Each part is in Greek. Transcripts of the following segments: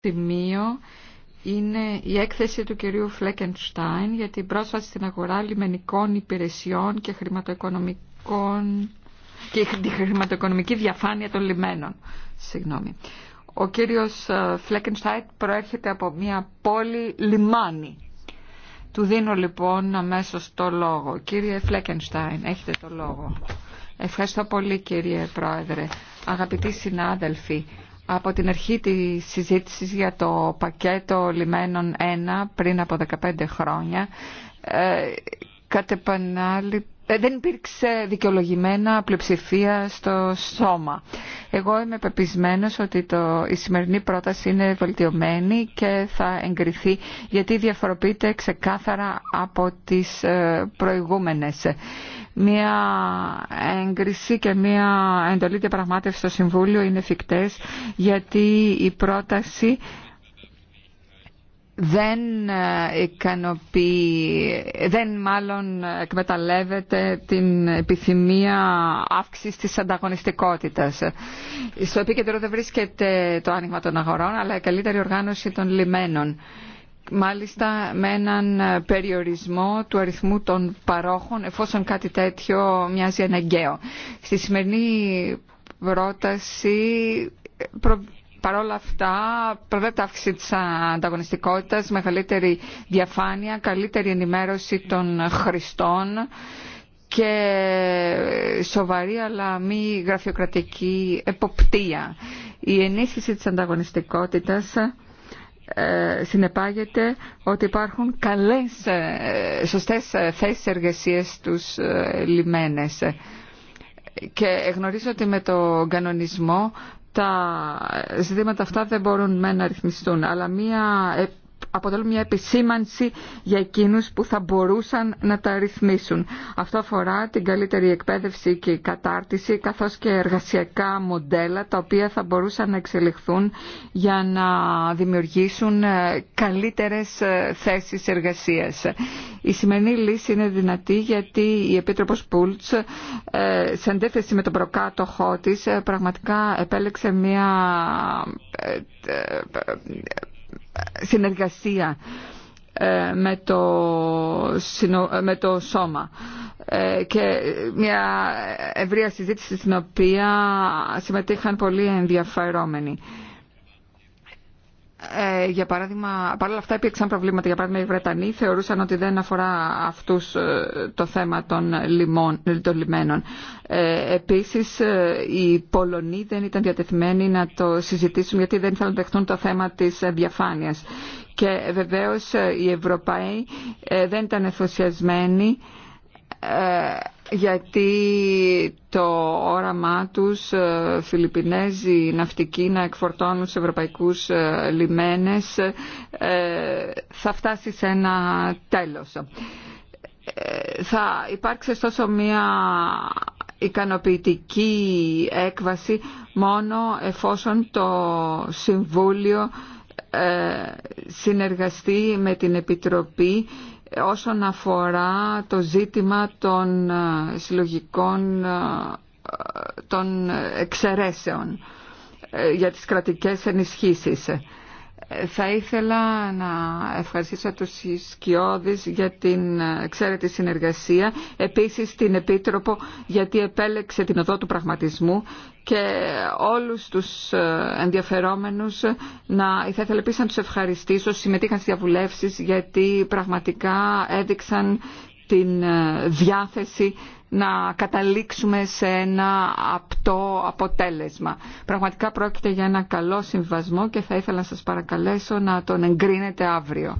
σημείο είναι η έκθεση του κυρίου Φλέκενστάιν για την πρόσβαση στην αγορά λιμενικών υπηρεσιών και χρηματοοικονομικών και τη χρηματοοικονομική διαφάνεια των λιμένων. Συγγνώμη. Ο κύριος ε, Φλέκενστάιν προέρχεται από μια πόλη λιμάνι. Του δίνω λοιπόν αμέσως το λόγο. Κύριε Φλέκενστάιν, έχετε το λόγο. Ευχαριστώ πολύ κύριε Πρόεδρε. Αγαπητοί συνάδελφοι, από την αρχή της συζήτησης για το πακέτο λιμένων 1 πριν από 15 χρόνια ε, κατ' ε, δεν υπήρξε δικαιολογημένα πλειοψηφία στο σώμα. Εγώ είμαι πεπισμένος ότι το, η σημερινή πρόταση είναι βελτιωμένη και θα εγκριθεί γιατί διαφοροποιείται ξεκάθαρα από τις ε, προηγούμενες μια έγκριση και μια εντολή διαπραγμάτευση στο Συμβούλιο είναι εφικτές γιατί η πρόταση δεν ε, δεν μάλλον εκμεταλλεύεται την επιθυμία αύξησης της ανταγωνιστικότητας. Στο επίκεντρο δεν βρίσκεται το άνοιγμα των αγορών, αλλά η καλύτερη οργάνωση των λιμένων μάλιστα με έναν περιορισμό του αριθμού των παρόχων εφόσον κάτι τέτοιο μοιάζει αναγκαίο. Στη σημερινή πρόταση προ... παρόλα αυτά προβλέπεται αύξηση της ανταγωνιστικότητας, μεγαλύτερη διαφάνεια, καλύτερη ενημέρωση των χρηστών και σοβαρή αλλά μη γραφειοκρατική εποπτεία. Η ενίσχυση της ανταγωνιστικότητας ε, συνεπάγεται ότι υπάρχουν καλές, ε, σωστές ε, θέσεις εργασίες στους λιμένες. Και γνωρίζω ότι με τον κανονισμό τα ζητήματα αυτά δεν μπορούν να ρυθμιστούν, αλλά μία αποτελούν μια επισήμανση για εκείνους που θα μπορούσαν να τα ρυθμίσουν. Αυτό αφορά την καλύτερη εκπαίδευση και κατάρτιση καθώς και εργασιακά μοντέλα τα οποία θα μπορούσαν να εξελιχθούν για να δημιουργήσουν ε, καλύτερες ε, θέσεις εργασίας. Η σημερινή λύση είναι δυνατή γιατί η Επίτροπος Πούλτς ε, σε αντίθεση με τον προκάτοχό της πραγματικά επέλεξε μια συνεργασία ε, με το, με το σώμα ε, και μια ευρεία συζήτηση στην οποία συμμετείχαν πολλοί ενδιαφερόμενοι. Ε, για παράδειγμα, παρόλα αυτά υπήρξαν προβλήματα. Για παράδειγμα, οι Βρετανοί θεωρούσαν ότι δεν αφορά αυτούς ε, το θέμα των, λιμών, των λιμένων. Ε, επίσης, οι Πολωνοί δεν ήταν διατεθειμένοι να το συζητήσουν γιατί δεν ήθελαν να δεχτούν το θέμα της διαφάνειας. Και βεβαίως οι Ευρωπαίοι δεν ήταν ενθουσιασμένοι ε, γιατί το όραμά τους ε, Φιλιππινέζοι ναυτικοί να εκφορτώνουν στους ευρωπαϊκούς ε, λιμένες θα φτάσει σε ένα τέλος. Θα υπάρξει ωστόσο μία ικανοποιητική έκβαση μόνο εφόσον το Συμβούλιο συνεργαστεί με την Επιτροπή όσον αφορά το ζήτημα των ε, συλλογικών ε, ε, των εξαιρέσεων για τις κρατικές ενισχύσεις. Θα ήθελα να ευχαριστήσω τους Ισκιώδης για την εξαίρετη συνεργασία, επίσης την Επίτροπο γιατί επέλεξε την οδό του πραγματισμού και όλους τους ε, ενδιαφερόμενους να, θα ήθελα επίσης να τους ευχαριστήσω, συμμετείχαν στις διαβουλεύσεις γιατί πραγματικά έδειξαν την ε, διάθεση να καταλήξουμε σε ένα απτό αποτέλεσμα. Πραγματικά πρόκειται για ένα καλό συμβασμό και θα ήθελα να σας παρακαλέσω να τον εγκρίνετε αύριο.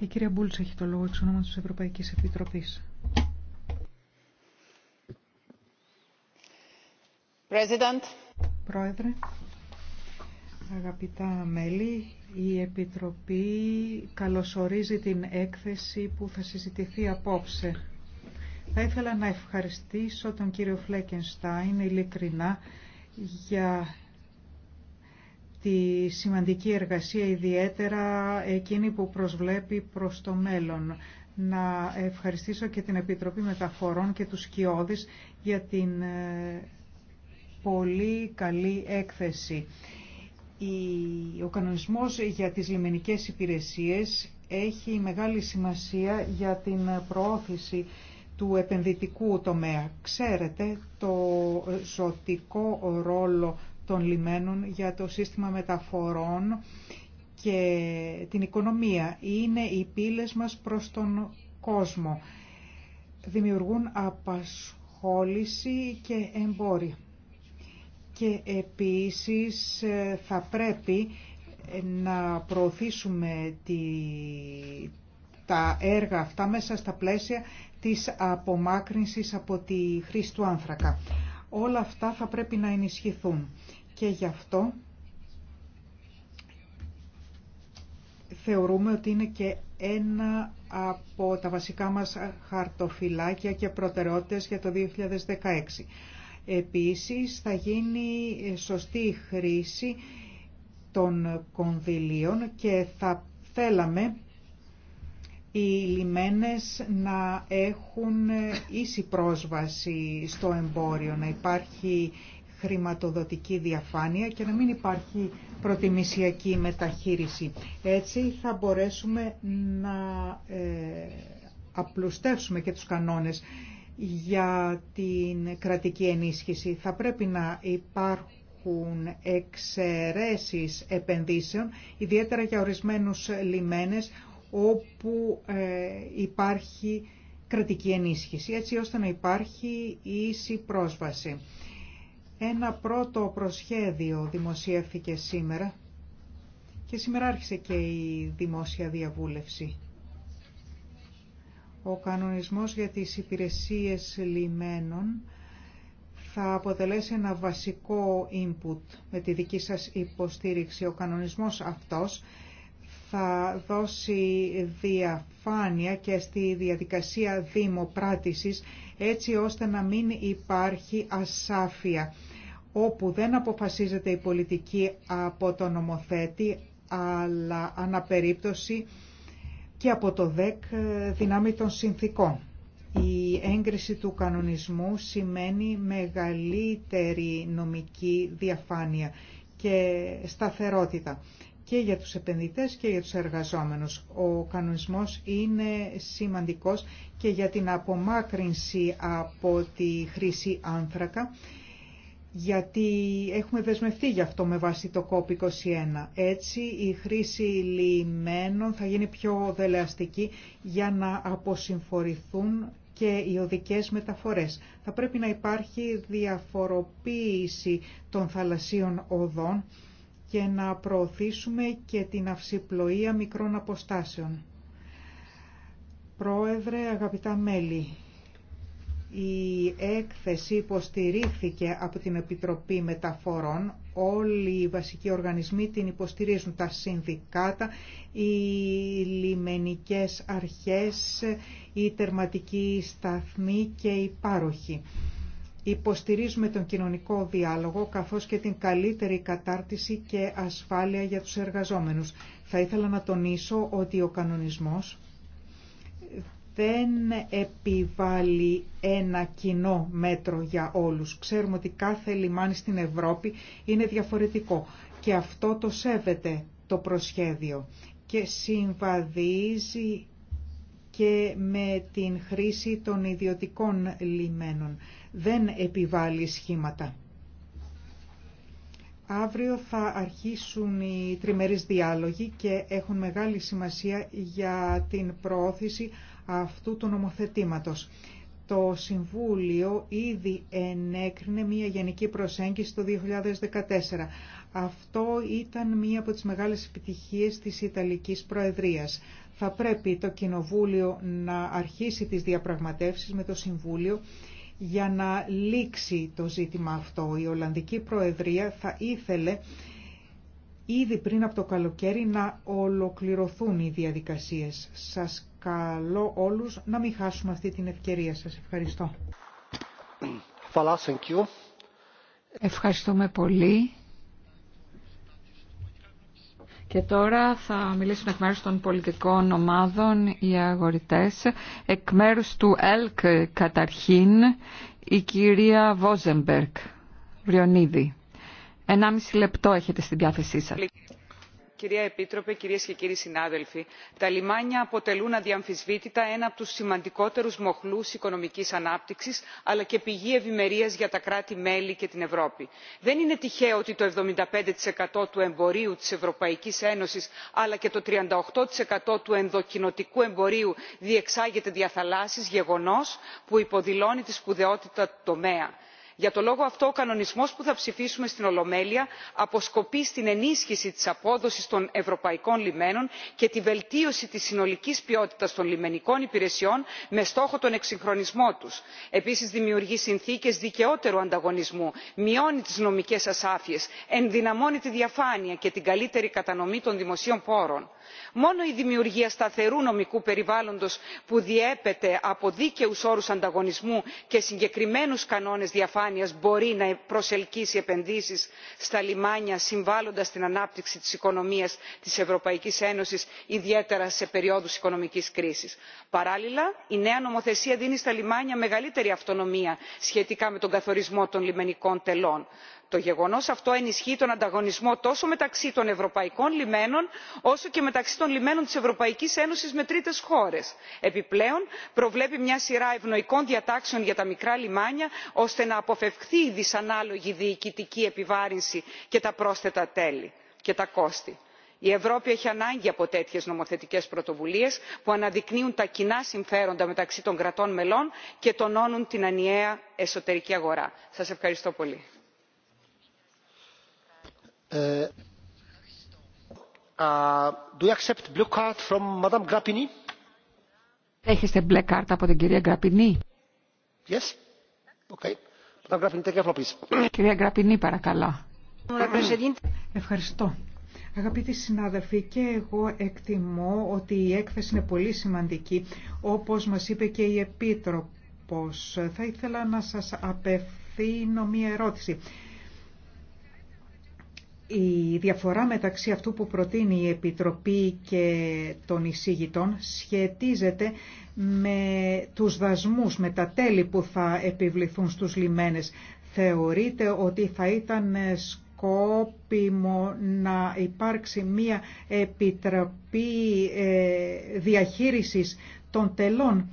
Η κυρία Μπούλτς έχει το λόγο εξ ονόματος της Ευρωπαϊκής Επιτροπής. Πρόεδρε, αγαπητά μέλη, η Επιτροπή καλωσορίζει την έκθεση που θα συζητηθεί απόψε. Θα ήθελα να ευχαριστήσω τον κύριο Φλέκενστάιν ειλικρινά για τη σημαντική εργασία, ιδιαίτερα εκείνη που προσβλέπει προς το μέλλον. Να ευχαριστήσω και την Επιτροπή Μεταφορών και τους Σκιώδης για την ε, πολύ καλή έκθεση ο κανονισμός για τις λιμενικές υπηρεσίες έχει μεγάλη σημασία για την προώθηση του επενδυτικού τομέα. Ξέρετε το ζωτικό ρόλο των λιμένων για το σύστημα μεταφορών και την οικονομία. Είναι οι πύλες μας προς τον κόσμο. Δημιουργούν απασχόληση και εμπόρια και επίσης ε, θα πρέπει ε, να προωθήσουμε τα έργα αυτά μέσα στα πλαίσια της απομάκρυνσης από τη χρήση του άνθρακα. Όλα αυτά θα πρέπει να ενισχυθούν και γι' αυτό θεωρούμε ότι είναι και ένα από τα βασικά μας χαρτοφυλάκια και προτεραιότητες για το 2016. Επίσης θα γίνει σωστή χρήση των κονδυλίων και θα θέλαμε οι λιμένες να έχουν ίση πρόσβαση στο εμπόριο, να υπάρχει χρηματοδοτική διαφάνεια και να μην υπάρχει προτιμησιακή μεταχείριση. Έτσι θα μπορέσουμε να ε, απλουστεύσουμε και τους κανόνες για την κρατική ενίσχυση. Θα πρέπει να υπάρχουν εξαιρέσεις επενδύσεων, ιδιαίτερα για ορισμένους λιμένες όπου ε, υπάρχει κρατική ενίσχυση, έτσι ώστε να υπάρχει ίση πρόσβαση. Ένα πρώτο προσχέδιο δημοσιεύθηκε σήμερα και σήμερα άρχισε και η δημόσια διαβούλευση. Ο κανονισμός για τις υπηρεσίες λιμένων θα αποτελέσει ένα βασικό input με τη δική σας υποστήριξη. Ο κανονισμός αυτός θα δώσει διαφάνεια και στη διαδικασία δημοπράτησης έτσι ώστε να μην υπάρχει ασάφεια όπου δεν αποφασίζεται η πολιτική από τον νομοθέτη αλλά αναπερίπτωση και από το ΔΕΚ ε, δυνάμει των συνθήκων. Η έγκριση του κανονισμού σημαίνει μεγαλύτερη νομική διαφάνεια και σταθερότητα και για τους επενδυτές και για τους εργαζόμενους. Ο κανονισμός είναι σημαντικός και για την απομάκρυνση από τη χρήση άνθρακα γιατί έχουμε δεσμευτεί γι' αυτό με βάση το COP21. Έτσι η χρήση λιμένων θα γίνει πιο δελεαστική για να αποσυμφορηθούν και οι οδικές μεταφορές. Θα πρέπει να υπάρχει διαφοροποίηση των θαλασσίων οδών και να προωθήσουμε και την αυσιπλοεία μικρών αποστάσεων. Πρόεδρε, αγαπητά μέλη, η έκθεση υποστηρίχθηκε από την Επιτροπή Μεταφορών. Όλοι οι βασικοί οργανισμοί την υποστηρίζουν. Τα συνδικάτα, οι λιμενικές αρχές, η τερματική σταθμή και οι πάροχοι. Υποστηρίζουμε τον κοινωνικό διάλογο καθώς και την καλύτερη κατάρτιση και ασφάλεια για τους εργαζόμενους. Θα ήθελα να τονίσω ότι ο κανονισμός δεν επιβάλλει ένα κοινό μέτρο για όλους. Ξέρουμε ότι κάθε λιμάνι στην Ευρώπη είναι διαφορετικό και αυτό το σέβεται το προσχέδιο και συμβαδίζει και με την χρήση των ιδιωτικών λιμένων. Δεν επιβάλλει σχήματα. Αύριο θα αρχίσουν οι τριμερείς διάλογοι και έχουν μεγάλη σημασία για την προώθηση αυτού του νομοθετήματος. Το Συμβούλιο ήδη ενέκρινε μια γενική προσέγγιση το 2014. Αυτό ήταν μία από τις μεγάλες επιτυχίες της Ιταλικής Προεδρίας. Θα πρέπει το Κοινοβούλιο να αρχίσει τις διαπραγματεύσεις με το Συμβούλιο για να λήξει το ζήτημα αυτό. Η Ολλανδική Προεδρία θα ήθελε ήδη πριν από το καλοκαίρι να ολοκληρωθούν οι διαδικασίες. Σας καλώ όλους να μην χάσουμε αυτή την ευκαιρία. Σας ευχαριστώ. Ευχαριστούμε πολύ. Και τώρα θα μιλήσουμε εκ μέρους των πολιτικών ομάδων οι αγορητές. Εκ μέρους του ΕΛΚ καταρχήν η κυρία Βόζεμπερκ Βριονίδη. Ενάμιση λεπτό έχετε στην διάθεσή σας. Κυρία Επίτροπε, κυρίες και κύριοι συνάδελφοι, τα λιμάνια αποτελούν αδιαμφισβήτητα ένα από τους σημαντικότερους μοχλούς οικονομικής ανάπτυξης, αλλά και πηγή ευημερίας για τα κράτη-μέλη και την Ευρώπη. Δεν είναι τυχαίο ότι το 75% του εμπορίου της Ευρωπαϊκής Ένωσης, αλλά και το 38% του ενδοκινοτικού εμπορίου διεξάγεται δια θαλάσσης, γεγονός που υποδηλώνει τη σπουδαιότητα του τομέα για το λόγο αυτό ο κανονισμός που θα ψηφίσουμε στην ολομέλεια αποσκοπεί στην ενίσχυση της απόδοσης των ευρωπαϊκών λιμένων και τη βελτίωση της συνολικής ποιότητας των λιμενικών υπηρεσιών με στόχο τον εξυγχρονισμό τους. επίσης δημιουργεί συνθήκες δικαιότερου ανταγωνισμού μειώνει τις νομικές ασάφειες ενδυναμώνει τη διαφάνεια και την καλύτερη κατανομή των δημοσίων πόρων. μόνο η δημιουργία σταθερού νομικού περιβάλλοντος που διέπεται από δίκαιους όρους ανταγωνισμού και συγκεκριμένους κανόνες διαφάνειας διαφάνειας μπορεί να προσελκύσει επενδύσεις στα λιμάνια συμβάλλοντας στην ανάπτυξη της οικονομίας της ευρωπαϊκής ένωσης ιδιαίτερα σε περιόδους οικονομικής κρίσης. παράλληλα η νέα νομοθεσία δίνει στα λιμάνια μεγαλύτερη αυτονομία σχετικά με τον καθορισμό των λιμενικών τελών το γεγονός αυτό ενισχύει τον ανταγωνισμό τόσο μεταξύ των ευρωπαϊκών λιμένων όσο και μεταξύ των λιμένων της ευρωπαϊκής ένωσης με τρίτες χώρες. επιπλέον προβλέπει μια σειρά ευνοϊκών διατάξεων για τα μικρά λιμάνια ώστε να αποφευχθεί η δυσανάλογη διοικητική επιβάρυνση και τα πρόσθετα τέλη και τα κόστη. Η Ευρώπη έχει ανάγκη από τέτοιες νομοθετικές πρωτοβουλίες που αναδεικνύουν τα κοινά συμφέροντα μεταξύ των κρατών μελών και τονώνουν την ανιαία εσωτερική αγορά. Σα ευχαριστώ πολύ. Uh, uh, Έχετε μπλε κάρτα από την κυρία Γκραπινή. Yes. Okay. Κυρία Γκραπινή, παρακαλώ. Ευχαριστώ. Αγαπητοί συνάδελφοι, και εγώ εκτιμώ ότι η έκθεση είναι πολύ σημαντική, όπως μας είπε και η Επίτροπος. Θα ήθελα να σας απευθύνω μία ερώτηση. Η διαφορά μεταξύ αυτού που προτείνει η Επιτροπή και των εισηγητών σχετίζεται με τους δασμούς, με τα τέλη που θα επιβληθούν στους λιμένες. Θεωρείτε ότι θα ήταν σκόπιμο να υπάρξει μία επιτροπή ε, διαχείρισης των τελών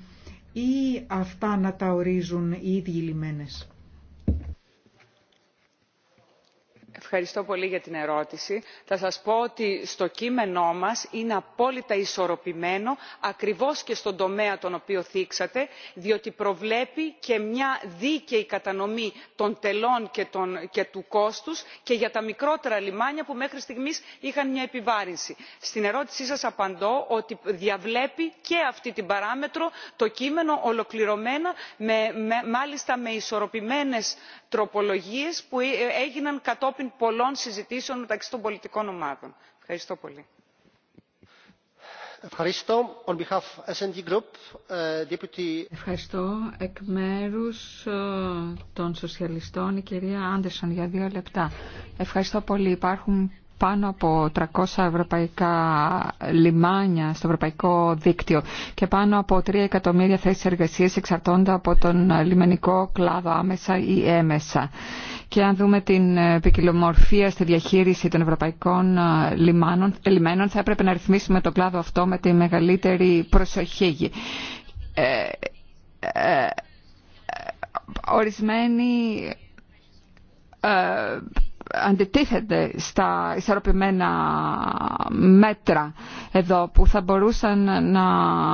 ή αυτά να τα ορίζουν οι ίδιοι λιμένες. ευχαριστώ πολύ για την ερώτηση. θα σας πω ότι στο κείμενό μας είναι απόλυτα ισορροπημένο ακριβώς και στον τομέα τον οποίο θίξατε διότι προβλέπει και μια δίκαιη κατανομή των τελών και, του κόστους και για τα μικρότερα λιμάνια που μέχρι στιγμής είχαν μια επιβάρυνση. Στην ερώτησή σας απαντώ ότι διαβλέπει και αυτή την παράμετρο το κείμενο ολοκληρωμένα μάλιστα με ισορροπημένες τροπολογίες που ε, έγιναν κατόπιν πολλών συζητήσεων μεταξύ των πολιτικών ομάδων. Ευχαριστώ πολύ. Ευχαριστώ. On behalf SND Group, uh, Deputy... Ευχαριστώ. Εκ μέρου ε, των Σοσιαλιστών, η κυρία Άντερσον για δύο λεπτά. Ευχαριστώ πολύ. Υπάρχουν πάνω από 300 ευρωπαϊκά λιμάνια στο ευρωπαϊκό δίκτυο και πάνω από 3 εκατομμύρια θέσεις εργασίας εξαρτώνται από τον λιμενικό κλάδο άμεσα ή έμεσα. Και αν δούμε την ποικιλομορφία στη διαχείριση των ευρωπαϊκών ε, λιμάνων, ε, λιμένων θα έπρεπε να ρυθμίσουμε τον κλάδο αυτό με τη μεγαλύτερη προσοχή. Ε, ε ορισμένοι αντιτίθεται στα ισορροπημένα μέτρα εδώ που θα μπορούσαν να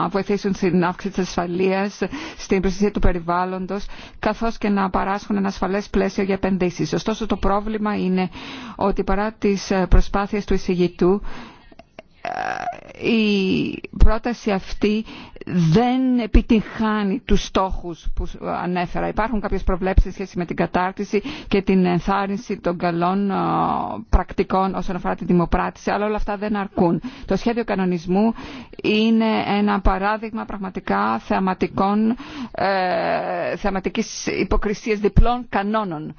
βοηθήσουν στην αύξηση της ασφαλείας, στην προστασία του περιβάλλοντος καθώς και να παράσχουν ένα ασφαλές πλαίσιο για επενδύσεις. Ωστόσο το πρόβλημα είναι ότι παρά τις προσπάθειες του εισηγητού η πρόταση αυτή δεν επιτυγχάνει τους στόχους που ανέφερα. Υπάρχουν κάποιες προβλέψεις σχέση με την κατάρτιση και την ενθάρρυνση των καλών ε, πρακτικών όσον αφορά τη δημοπράτηση, αλλά όλα αυτά δεν αρκούν. Το σχέδιο κανονισμού είναι ένα παράδειγμα πραγματικά θεαματικών, ε, θεαματικής υποκρισίας διπλών κανόνων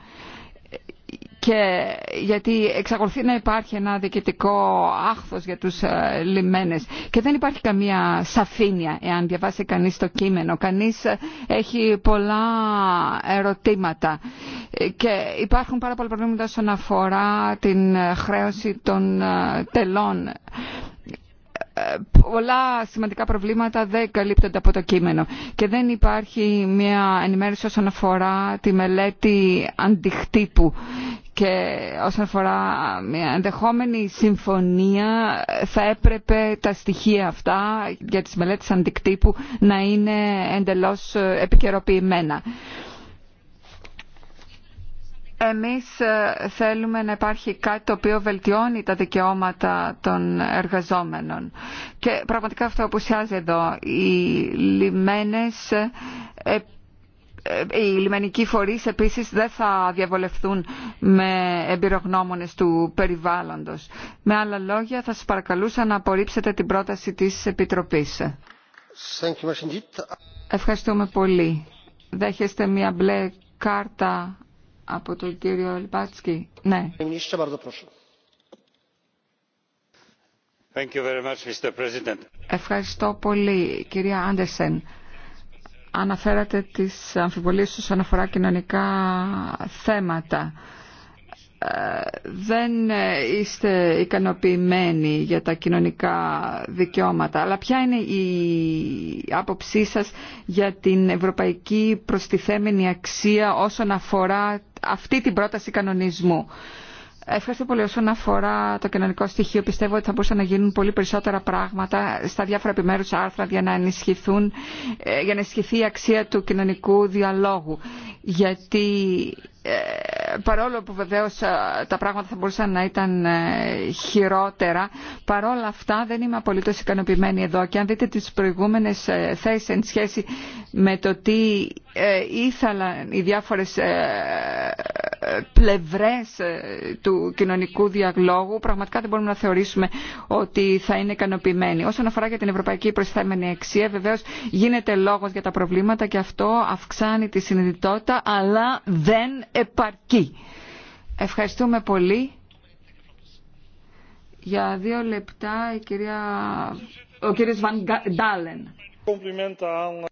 και γιατί εξακολουθεί να υπάρχει ένα διοικητικό άχθος για τους ε, λιμένες και δεν υπάρχει καμία σαφήνεια εάν διαβάσει κανείς το κείμενο. Κανείς ε, έχει πολλά ερωτήματα ε, και υπάρχουν πάρα πολλά προβλήματα όσον αφορά την χρέωση των τελών πολλά σημαντικά προβλήματα δεν καλύπτονται από το κείμενο και δεν υπάρχει μια ενημέρωση όσον αφορά τη μελέτη αντιχτύπου και όσον αφορά μια ενδεχόμενη συμφωνία θα έπρεπε τα στοιχεία αυτά για τις μελέτες αντικτύπου να είναι εντελώς επικαιροποιημένα. Εμείς ε, θέλουμε να υπάρχει κάτι το οποίο βελτιώνει τα δικαιώματα των εργαζόμενων. Και πραγματικά αυτό απουσιάζει εδώ. Οι λιμένες ε, ε, οι λιμενικοί φορείς επίσης δεν θα διαβολευθούν με εμπειρογνώμονες του περιβάλλοντος. Με άλλα λόγια θα σας παρακαλούσα να απορρίψετε την πρόταση της Επιτροπής. Ευχαριστούμε πολύ. Δέχεστε μια μπλε κάρτα Ευχαριστώ πολύ, κυρία Άντερσεν. Αναφέρατε τις αμφιβολίες όσον αφορά κοινωνικά θέματα δεν είστε ικανοποιημένοι για τα κοινωνικά δικαιώματα, αλλά ποια είναι η άποψή σας για την ευρωπαϊκή προστιθέμενη αξία όσον αφορά αυτή την πρόταση κανονισμού. Ευχαριστώ πολύ. Όσον αφορά το κοινωνικό στοιχείο, πιστεύω ότι θα μπορούσαν να γίνουν πολύ περισσότερα πράγματα στα διάφορα επιμέρου άρθρα για να, ε, για να ενισχυθεί η αξία του κοινωνικού διαλόγου. Γιατί ε, παρόλο που βεβαίως ε, τα πράγματα θα μπορούσαν να ήταν ε, χειρότερα, παρόλα αυτά δεν είμαι απολύτως ικανοποιημένη εδώ. Και αν δείτε τις προηγούμενες θέσεις εν σχέση με το τι ήθελαν οι διάφορες πλευρές του κοινωνικού διαλογού, πραγματικά δεν μπορούμε να θεωρήσουμε ότι θα είναι ικανοποιημένοι. Όσον αφορά για την ευρωπαϊκή προσθέμενη αξία, βεβαίως γίνεται λόγος για τα προβλήματα και αυτό αυξάνει τη συνειδητότητα, αλλά δεν επαρκή. Ευχαριστούμε πολύ. Για δύο λεπτά κυρία... ο κύριος Βαν Ντάλεν.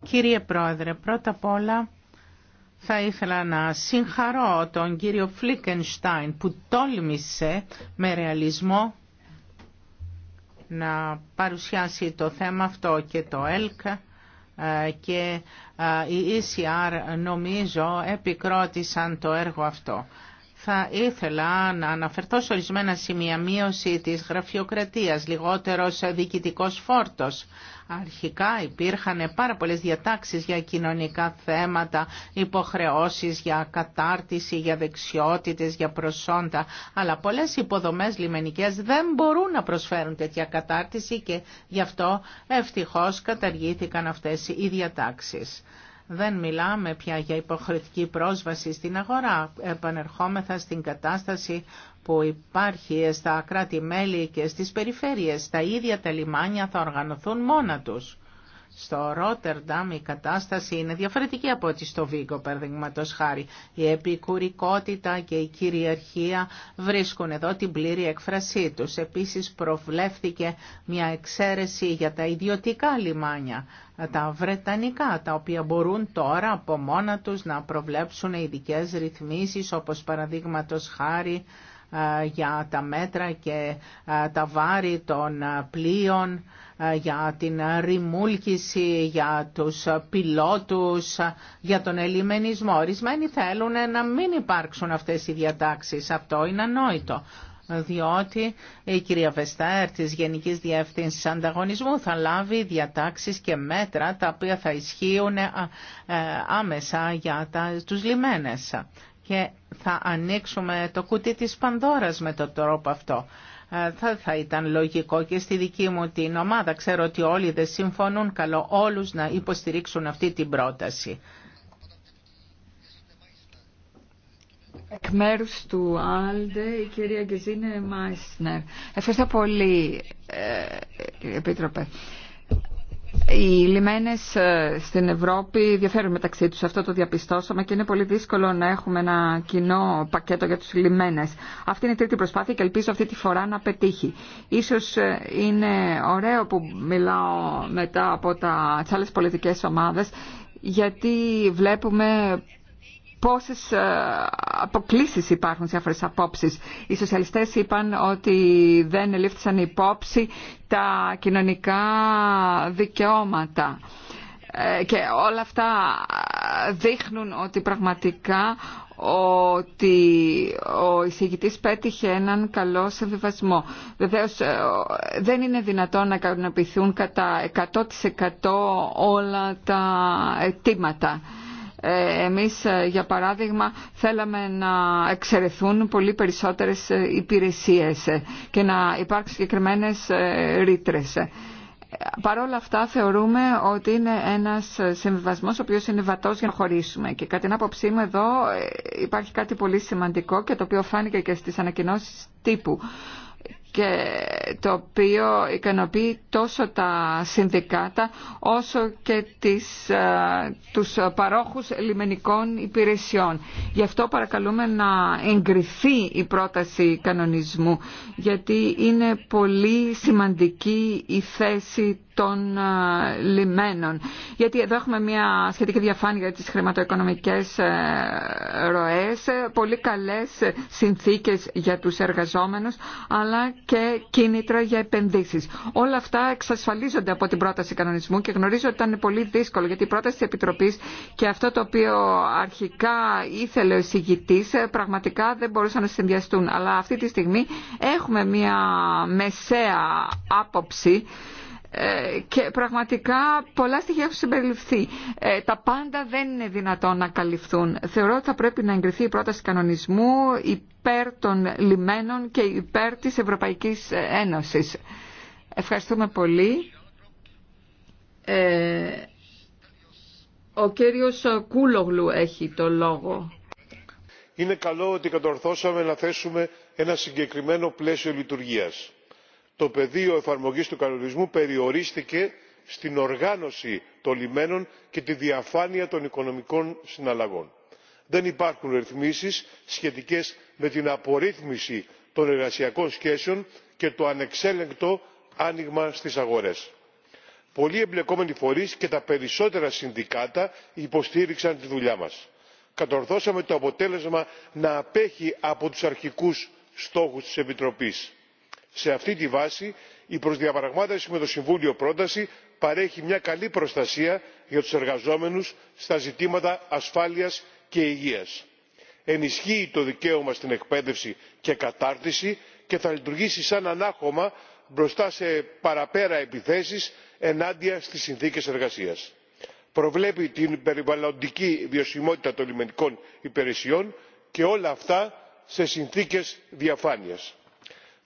Κύριε Πρόεδρε, πρώτα απ' όλα θα ήθελα να συγχαρώ τον κύριο Φλίκενστάιν που τόλμησε με ρεαλισμό να παρουσιάσει το θέμα αυτό και το ΕΛΚΑ και η ECR νομίζω επικρότησαν το έργο αυτό θα ήθελα να αναφερθώ σε ορισμένα σημεία μείωση της γραφειοκρατίας, λιγότερος διοικητικός φόρτος. Αρχικά υπήρχαν πάρα πολλές διατάξεις για κοινωνικά θέματα, υποχρεώσεις για κατάρτιση, για δεξιότητες, για προσόντα, αλλά πολλές υποδομές λιμενικές δεν μπορούν να προσφέρουν τέτοια κατάρτιση και γι' αυτό ευτυχώς καταργήθηκαν αυτές οι διατάξεις. Δεν μιλάμε πια για υποχρεωτική πρόσβαση στην αγορά. Επανερχόμεθα στην κατάσταση που υπάρχει στα κράτη-μέλη και στις περιφέρειες. Τα ίδια τα λιμάνια θα οργανωθούν μόνα τους. Στο Ρότερνταμ η κατάσταση είναι διαφορετική από ό,τι στο Βίγκο, παραδείγματο χάρη. Η επικουρικότητα και η κυριαρχία βρίσκουν εδώ την πλήρη έκφρασή τους. Επίσης προβλέφθηκε μια εξαίρεση για τα ιδιωτικά λιμάνια, τα βρετανικά, τα οποία μπορούν τώρα από μόνα τους να προβλέψουν ειδικέ ρυθμίσεις, όπω παραδείγματο χάρη ε, για τα μέτρα και ε, τα βάρη των ε, πλοίων, για την ρημούλκηση, για τους πιλότους, για τον ελιμενισμό. Ορισμένοι θέλουν να μην υπάρξουν αυτές οι διατάξεις. Αυτό είναι ανόητο διότι η κυρία Βεστέρ της Γενικής Διεύθυνσης Ανταγωνισμού θα λάβει διατάξεις και μέτρα τα οποία θα ισχύουν άμεσα για τους λιμένες και θα ανοίξουμε το κουτί της Πανδώρας με τον τρόπο αυτό. Ε, θα, θα ήταν λογικό και στη δική μου την ομάδα. Ξέρω ότι όλοι δεν συμφωνούν. Καλό όλους να υποστηρίξουν αυτή την πρόταση. Εκ μέρους του Άλντε, η κυρία Γκεζίνε Μάισνερ. Ευχαριστώ πολύ, ε, Επίτροπε. Οι λιμένες ε, στην Ευρώπη διαφέρουν μεταξύ τους. Αυτό το διαπιστώσαμε και είναι πολύ δύσκολο να έχουμε ένα κοινό πακέτο για τους λιμένες. Αυτή είναι η τρίτη προσπάθεια και ελπίζω αυτή τη φορά να πετύχει. Ίσως ε, είναι ωραίο που μιλάω μετά από τα, άλλε άλλες πολιτικές ομάδες γιατί βλέπουμε πόσες ε, αποκλήσεις υπάρχουν σε διάφορες απόψεις. Οι σοσιαλιστές είπαν ότι δεν λήφθησαν υπόψη τα κοινωνικά δικαιώματα. Ε, και όλα αυτά ε, δείχνουν ότι πραγματικά ότι ο εισηγητής πέτυχε έναν καλό συμβιβασμό. Βεβαίως δεν είναι δυνατόν να κανοποιηθούν κατά 100% όλα τα αιτήματα. Ε, εμείς, ε, για παράδειγμα, θέλαμε να εξαιρεθούν πολύ περισσότερες ε, υπηρεσίες και να υπάρξουν συγκεκριμένε ρήτρε. Παρ' όλα αυτά θεωρούμε ότι είναι ένας συμβιβασμός ο οποίος είναι βατός για να χωρίσουμε και κατά την άποψή μου εδώ υπάρχει κάτι πολύ σημαντικό και το οποίο φάνηκε και στις ανακοινώσεις τύπου και το οποίο ικανοποιεί τόσο τα συνδικάτα όσο και τις, ε, τους παρόχους λιμενικών υπηρεσιών. Γι' αυτό παρακαλούμε να εγκριθεί η πρόταση κανονισμού γιατί είναι πολύ σημαντική η θέση των ε, λιμένων. Γιατί εδώ έχουμε μια σχετική διαφάνεια για τις χρηματοοικονομικές ε, ροές, ε, πολύ καλές συνθήκες για τους εργαζόμενους, αλλά και κίνητρα για επενδύσεις. Όλα αυτά εξασφαλίζονται από την πρόταση κανονισμού και γνωρίζω ότι ήταν πολύ δύσκολο, γιατί η πρόταση της Επιτροπής και αυτό το οποίο αρχικά ήθελε ο εισηγητής, πραγματικά δεν μπορούσαν να συνδυαστούν. Αλλά αυτή τη στιγμή έχουμε μια μεσαία άποψη ε, και πραγματικά πολλά στοιχεία έχουν συμπεριληφθεί. Ε, τα πάντα δεν είναι δυνατόν να καλυφθούν. Θεωρώ ότι θα πρέπει να εγκριθεί η πρόταση κανονισμού υπέρ των λιμένων και υπέρ της Ευρωπαϊκής Ένωσης. Ευχαριστούμε πολύ. Ε, ο κύριος Κούλογλου έχει το λόγο. Είναι καλό ότι κατορθώσαμε να θέσουμε ένα συγκεκριμένο πλαίσιο λειτουργίας το πεδίο εφαρμογής του κανονισμού περιορίστηκε στην οργάνωση των λιμένων και τη διαφάνεια των οικονομικών συναλλαγών. δεν υπάρχουν ρυθμίσεις σχετικές με την απορρίθμιση των εργασιακών σχέσεων και το ανεξέλεγκτο άνοιγμα στις αγορές. πολλοί εμπλεκόμενοι φορείς και τα περισσότερα συνδικάτα υποστήριξαν τη δουλειά μας. κατορθώσαμε το αποτέλεσμα να απέχει από τους αρχικούς στόχους της επιτροπής σε αυτή τη βάση η προσδιαπραγμάτευση με το συμβούλιο πρόταση παρέχει μια καλή προστασία για τους εργαζόμενους στα ζητήματα ασφάλειας και υγείας ενισχύει το δικαίωμα στην εκπαίδευση και κατάρτιση και θα λειτουργήσει σαν ανάχωμα μπροστά σε παραπέρα επιθέσεις ενάντια στις συνθήκες εργασίας. προβλέπει την περιβαλλοντική βιωσιμότητα των λιμενικών υπηρεσιών και όλα αυτά σε συνθήκες διαφάνειας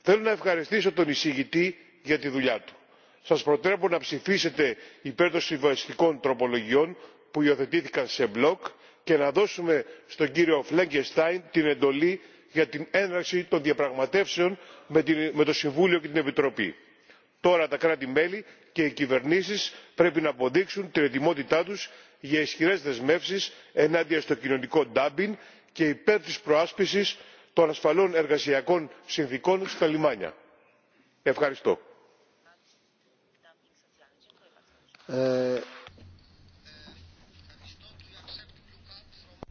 θέλω να ευχαριστήσω τον εισηγητή για τη δουλειά του. σας προτρέπω να ψηφίσετε υπέρ των συμβιβαστικών τροπολογιών που υιοθετήθηκαν σε μπλοκ και να δώσουμε στον κύριο φλέγκενστάιν την εντολή για την έναρξη των διαπραγματεύσεων με το συμβούλιο και την επιτροπή. τώρα τα κράτη μέλη και οι κυβερνήσεις πρέπει να αποδείξουν την ετοιμότητά τους για ισχυρές δεσμεύσεις ενάντια στο κοινωνικό ντάμπινγκ και υπέρ της προάσπισης των ασφαλών εργασιακών συνδικών στα λιμάνια. Ευχαριστώ.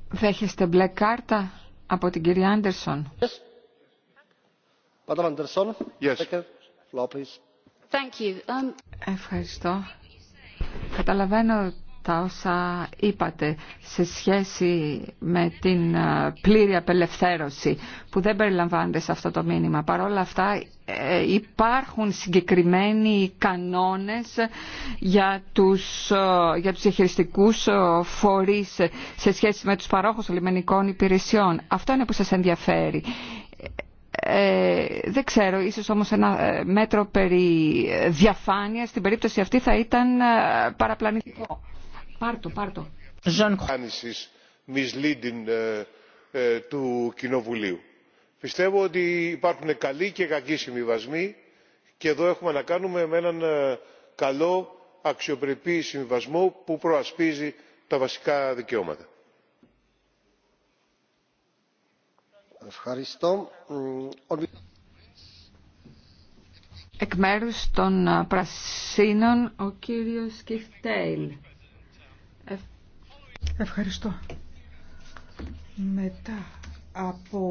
Δέχεστε μπλε κάρτα από την κυρία Άντερσον. Um, Ευχαριστώ. Καταλαβαίνω τα όσα είπατε σε σχέση με την ε, πλήρη απελευθέρωση που δεν περιλαμβάνεται σε αυτό το μήνυμα. Παρ' όλα αυτά ε, υπάρχουν συγκεκριμένοι κανόνες για τους, ε, για τους διαχειριστικούς φορείς σε σχέση με τους παρόχους λιμενικών υπηρεσιών. Αυτό είναι που σας ενδιαφέρει. δεν ξέρω, ίσως όμως ένα μέτρο περί διαφάνειας στην περίπτωση αυτή θα ήταν παραπλανητικό. Πάρτο, πάρτο. Ε, ε, του Κοινοβουλίου. Πιστεύω ότι υπάρχουν καλοί και κακοί συμβιβασμοί και εδώ έχουμε να κάνουμε με έναν ε, καλό αξιοπρεπή συμβιβασμό που προασπίζει τα βασικά δικαιώματα. Ευχαριστώ. Εκ μέρους των Πρασίνων, ο κύριος Κιφτέιλ. Ευχαριστώ. Μετά από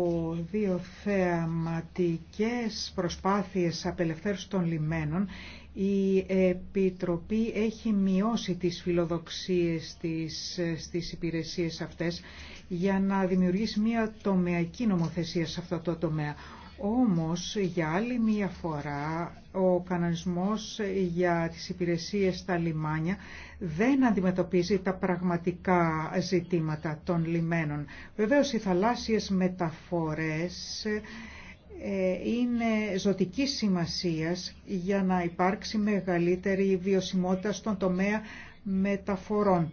δύο θεαματικές προσπάθειες απελευθέρωσης των λιμένων, η Επιτροπή έχει μειώσει τις φιλοδοξίες της, στις υπηρεσίες αυτές για να δημιουργήσει μια τομεακή νομοθεσία σε αυτό το τομέα. Όμως, για άλλη μία φορά, ο κανονισμός για τις υπηρεσίες στα λιμάνια δεν αντιμετωπίζει τα πραγματικά ζητήματα των λιμένων. Βεβαίως, οι θαλάσσιες μεταφορές ε, είναι ζωτική σημασίας για να υπάρξει μεγαλύτερη βιωσιμότητα στον τομέα μεταφορών.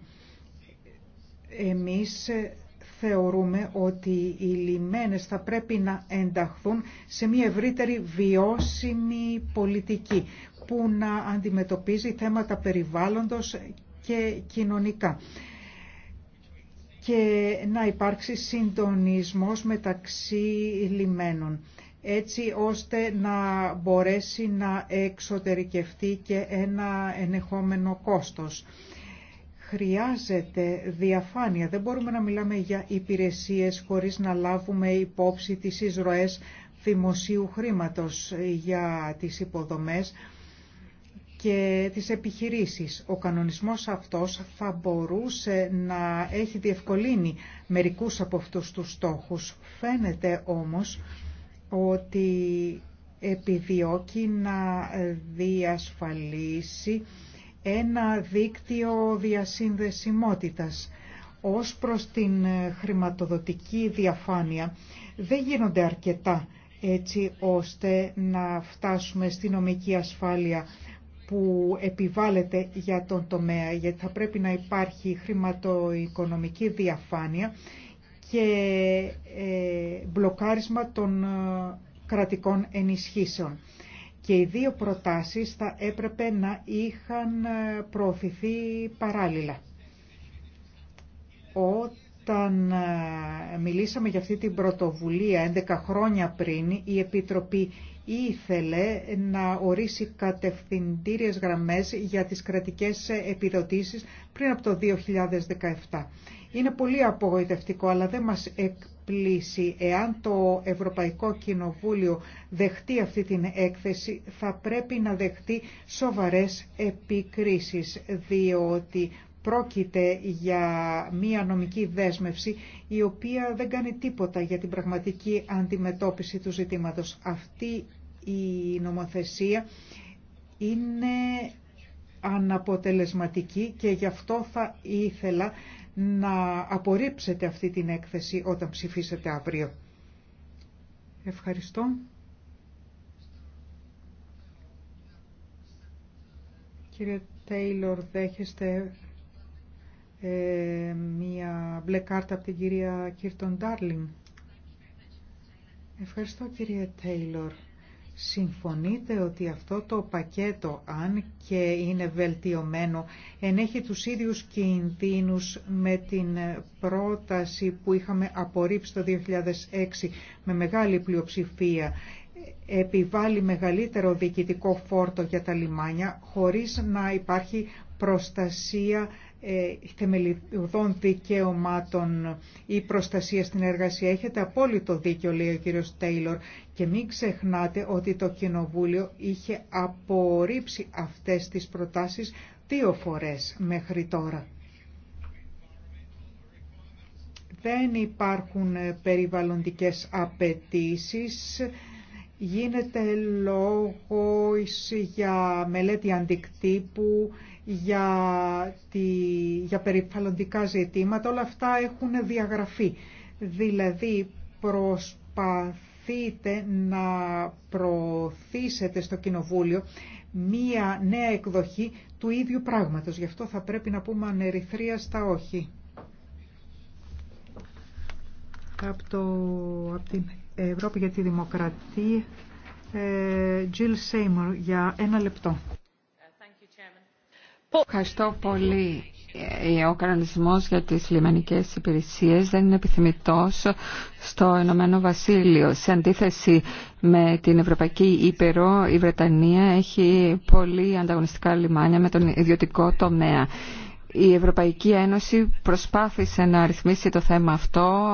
Εμείς ε, θεωρούμε ότι οι λιμένες θα πρέπει να ενταχθούν σε μια ευρύτερη βιώσιμη πολιτική που να αντιμετωπίζει θέματα περιβάλλοντος και κοινωνικά και να υπάρξει συντονισμός μεταξύ λιμένων έτσι ώστε να μπορέσει να εξωτερικευτεί και ένα ενεχόμενο κόστος. Χρειάζεται διαφάνεια. Δεν μπορούμε να μιλάμε για υπηρεσίες χωρίς να λάβουμε υπόψη τις εισρωές δημοσίου χρήματος για τις υποδομές και τις επιχειρήσεις. Ο κανονισμός αυτός θα μπορούσε να έχει διευκολύνει μερικούς από αυτούς τους στόχους. Φαίνεται όμως ότι επιδιώκει να διασφαλίσει ένα δίκτυο διασύνδεσιμότητας. Ως προς την ε, χρηματοδοτική διαφάνεια δεν γίνονται αρκετά έτσι ώστε να φτάσουμε στη νομική ασφάλεια που επιβάλλεται για τον τομέα, γιατί θα πρέπει να υπάρχει χρηματοοικονομική διαφάνεια και ε, μπλοκάρισμα των ε, κρατικών ενισχύσεων και οι δύο προτάσεις θα έπρεπε να είχαν ε, προωθηθεί παράλληλα. Όταν ε, μιλήσαμε για αυτή την πρωτοβουλία 11 χρόνια πριν, η Επιτροπή ήθελε να ορίσει κατευθυντήριες γραμμές για τις κρατικές επιδοτήσεις πριν από το 2017. Είναι πολύ απογοητευτικό, αλλά δεν μας εκπλήσει. Εάν το Ευρωπαϊκό Κοινοβούλιο δεχτεί αυτή την έκθεση, θα πρέπει να δεχτεί σοβαρές επικρίσεις, διότι πρόκειται για μία νομική δέσμευση η οποία δεν κάνει τίποτα για την πραγματική αντιμετώπιση του ζητήματος. Αυτή η νομοθεσία είναι αναποτελεσματική και γι' αυτό θα ήθελα να απορρίψετε αυτή την έκθεση όταν ψηφίσετε αύριο. Ευχαριστώ. Κύριε Τέιλορ, δέχεστε ε, μία μπλε κάρτα από την κυρία Κίρτον Ντάρλιν. Ευχαριστώ κύριε Τέιλορ. Συμφωνείτε ότι αυτό το πακέτο, αν και είναι βελτιωμένο, ενέχει τους ίδιους κινδύνους με την πρόταση που είχαμε απορρίψει το 2006 με μεγάλη πλειοψηφία. Επιβάλλει μεγαλύτερο διοικητικό φόρτο για τα λιμάνια χωρίς να υπάρχει προστασία ε, θεμελιωδών δικαιωμάτων ή προστασία στην εργασία. Έχετε απόλυτο δίκιο, λέει ο κύριος Τέιλορ, και μην ξεχνάτε ότι το Κοινοβούλιο είχε απορρίψει αυτές τις προτάσεις δύο φορές μέχρι τώρα. Δεν υπάρχουν ε, περιβαλλοντικές απαιτήσεις, γίνεται λόγος για μελέτη αντικτύπου, για, τη, για περιφαλλοντικά ζητήματα, όλα αυτά έχουν διαγραφεί. Δηλαδή προσπαθείτε να προωθήσετε στο Κοινοβούλιο μία νέα εκδοχή του ίδιου πράγματος. Γι' αυτό θα πρέπει να πούμε ανερυθρία στα όχι. Από, το, από την Ευρώπη για τη Δημοκρατία, ε, Jill Seymour για ένα λεπτό. Ευχαριστώ πολύ. Ε, ο κανονισμός για τις λιμενικέ υπηρεσίε. δεν είναι επιθυμητός στο Ηνωμένο Βασίλειο. Σε αντίθεση με την Ευρωπαϊκή Υπερό, η Βρετανία έχει πολύ ανταγωνιστικά λιμάνια με τον ιδιωτικό τομέα η Ευρωπαϊκή Ένωση προσπάθησε να ρυθμίσει το θέμα αυτό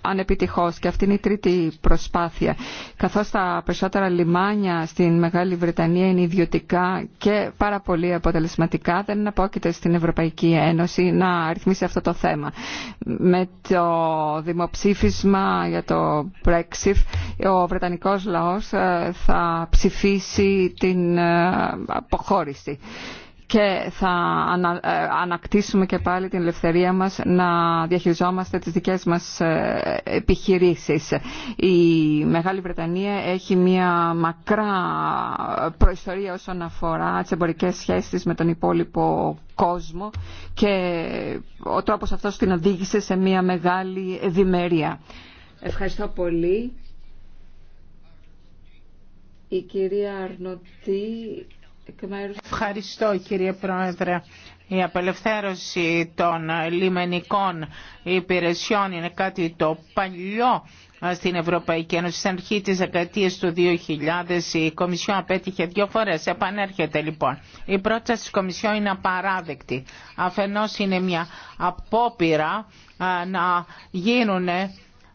ανεπιτυχώς και αυτή είναι η τρίτη προσπάθεια. Καθώς τα περισσότερα λιμάνια στην Μεγάλη Βρετανία είναι ιδιωτικά και πάρα πολύ αποτελεσματικά δεν απόκειται στην Ευρωπαϊκή Ένωση να ρυθμίσει αυτό το θέμα. Με το δημοψήφισμα για το Brexit ο Βρετανικός λαός ε, θα ψηφίσει την ε, αποχώρηση και θα ε, ανακτήσουμε και πάλι την ελευθερία μας να διαχειριζόμαστε τις δικές μας ε, επιχειρήσεις. Η Μεγάλη Βρετανία έχει μια μακρά προϊστορία όσον αφορά τις εμπορικές σχέσεις με τον υπόλοιπο κόσμο και ο τρόπος αυτός την οδήγησε σε μια μεγάλη ευημερία. Ευχαριστώ πολύ. Η κυρία Αρνοτή Ευχαριστώ κύριε Πρόεδρε. Η απελευθέρωση των λιμενικών υπηρεσιών είναι κάτι το παλιό στην Ευρωπαϊκή Ένωση. Στην αρχή της δεκαετίας του 2000 η Κομισιόν απέτυχε δύο φορές. Επανέρχεται λοιπόν. Η πρόταση της Κομισιόν είναι απαράδεκτη. Αφενός είναι μια απόπειρα ε, να γίνουν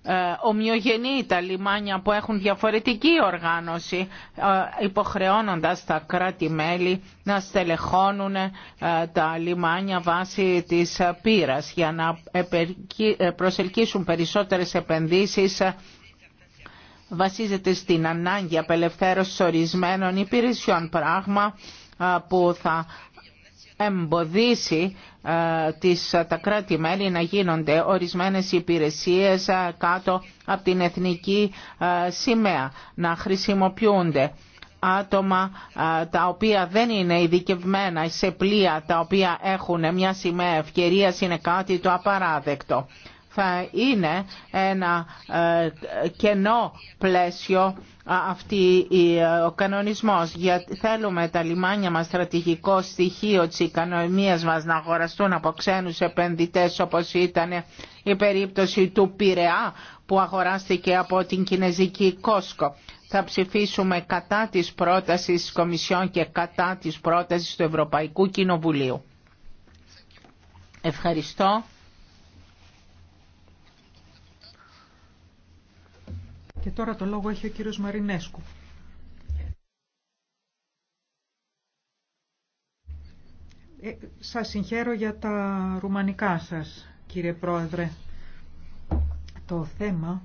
ε, ομοιογενή τα λιμάνια που έχουν διαφορετική οργάνωση ε, υποχρεώνοντας τα κράτη-μέλη να στελεχώνουν ε, τα λιμάνια βάσει της πύρας για να προσελκύσουν περισσότερες επενδύσεις βασίζεται στην ανάγκη απελευθέρωσης ορισμένων υπηρεσιών πράγμα που θα εμποδίσει ε, τις, τα κράτη-μέλη να γίνονται ορισμένες υπηρεσίες ε, κάτω από την εθνική ε, σημαία, να χρησιμοποιούνται άτομα τα οποία δεν είναι ειδικευμένα σε πλοία τα οποία έχουν μια σημαία ευκαιρίας είναι κάτι το απαράδεκτο θα είναι ένα ε, κενό πλαίσιο αυτή ε, ο κανονισμός. Γιατί θέλουμε τα λιμάνια μας στρατηγικό στοιχείο της οικονομίας μας να αγοραστούν από ξένους επενδυτές όπως ήταν η περίπτωση του Πειραιά που αγοράστηκε από την Κινέζικη Κόσκο. Θα ψηφίσουμε κατά της πρότασης της Κομισιόν και κατά της πρότασης του Ευρωπαϊκού Κοινοβουλίου. Ευχαριστώ. Και τώρα το λόγο έχει ο κύριος Μαρινέσκου. Ε, σας συγχαίρω για τα ρουμανικά σας, κύριε Πρόεδρε. Το θέμα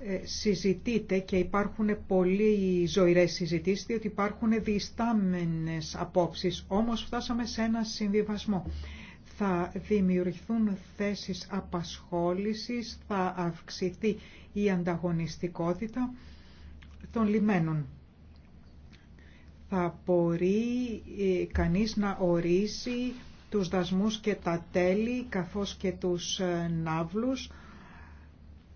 ε, συζητείται και υπάρχουν πολύ ζωηρές συζητήσεις διότι υπάρχουν διστάμενες απόψεις. Όμως φτάσαμε σε ένα συμβιβασμό θα δημιουργηθούν θέσεις απασχόλησης, θα αυξηθεί η ανταγωνιστικότητα των λιμένων. Θα μπορεί ε, κανείς να ορίσει τους δασμούς και τα τέλη, καθώς και τους ε, ναύλους,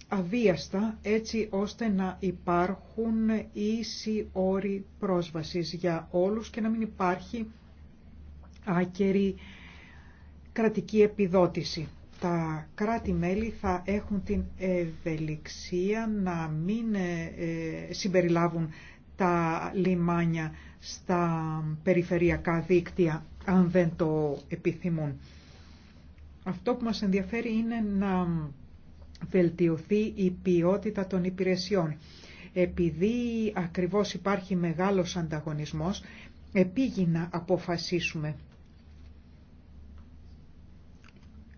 αβίαστα, έτσι ώστε να υπάρχουν ίσοι όροι πρόσβασης για όλους και να μην υπάρχει άκερη κρατική επιδότηση. Τα κράτη-μέλη θα έχουν την ευελιξία να μην ε, ε, συμπεριλάβουν τα λιμάνια στα περιφερειακά δίκτυα, αν δεν το επιθυμούν. Αυτό που μας ενδιαφέρει είναι να βελτιωθεί η ποιότητα των υπηρεσιών. Επειδή ακριβώς υπάρχει μεγάλος ανταγωνισμός, επίγει να αποφασίσουμε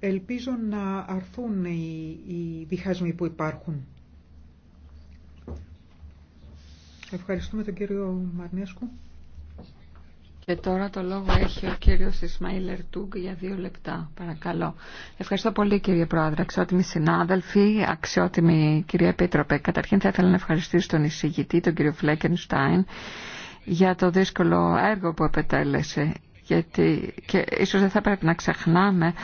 Ελπίζω να αρθούν οι, οι διχασμοί που υπάρχουν. Ευχαριστούμε τον κύριο Μαρνέσκου. Και τώρα το λόγο έχει ο κύριος Ισμαήλ Ερτούγκ για δύο λεπτά. Παρακαλώ. Ευχαριστώ πολύ κύριε Πρόεδρε, αξιότιμοι συνάδελφοι, αξιότιμη κυρία Επίτροπε. Καταρχήν θα ήθελα να ευχαριστήσω τον εισηγητή, τον κύριο Φλέκενστάιν, για το δύσκολο έργο που επετέλεσε. Γιατί και ίσως δεν θα πρέπει να ξεχνάμε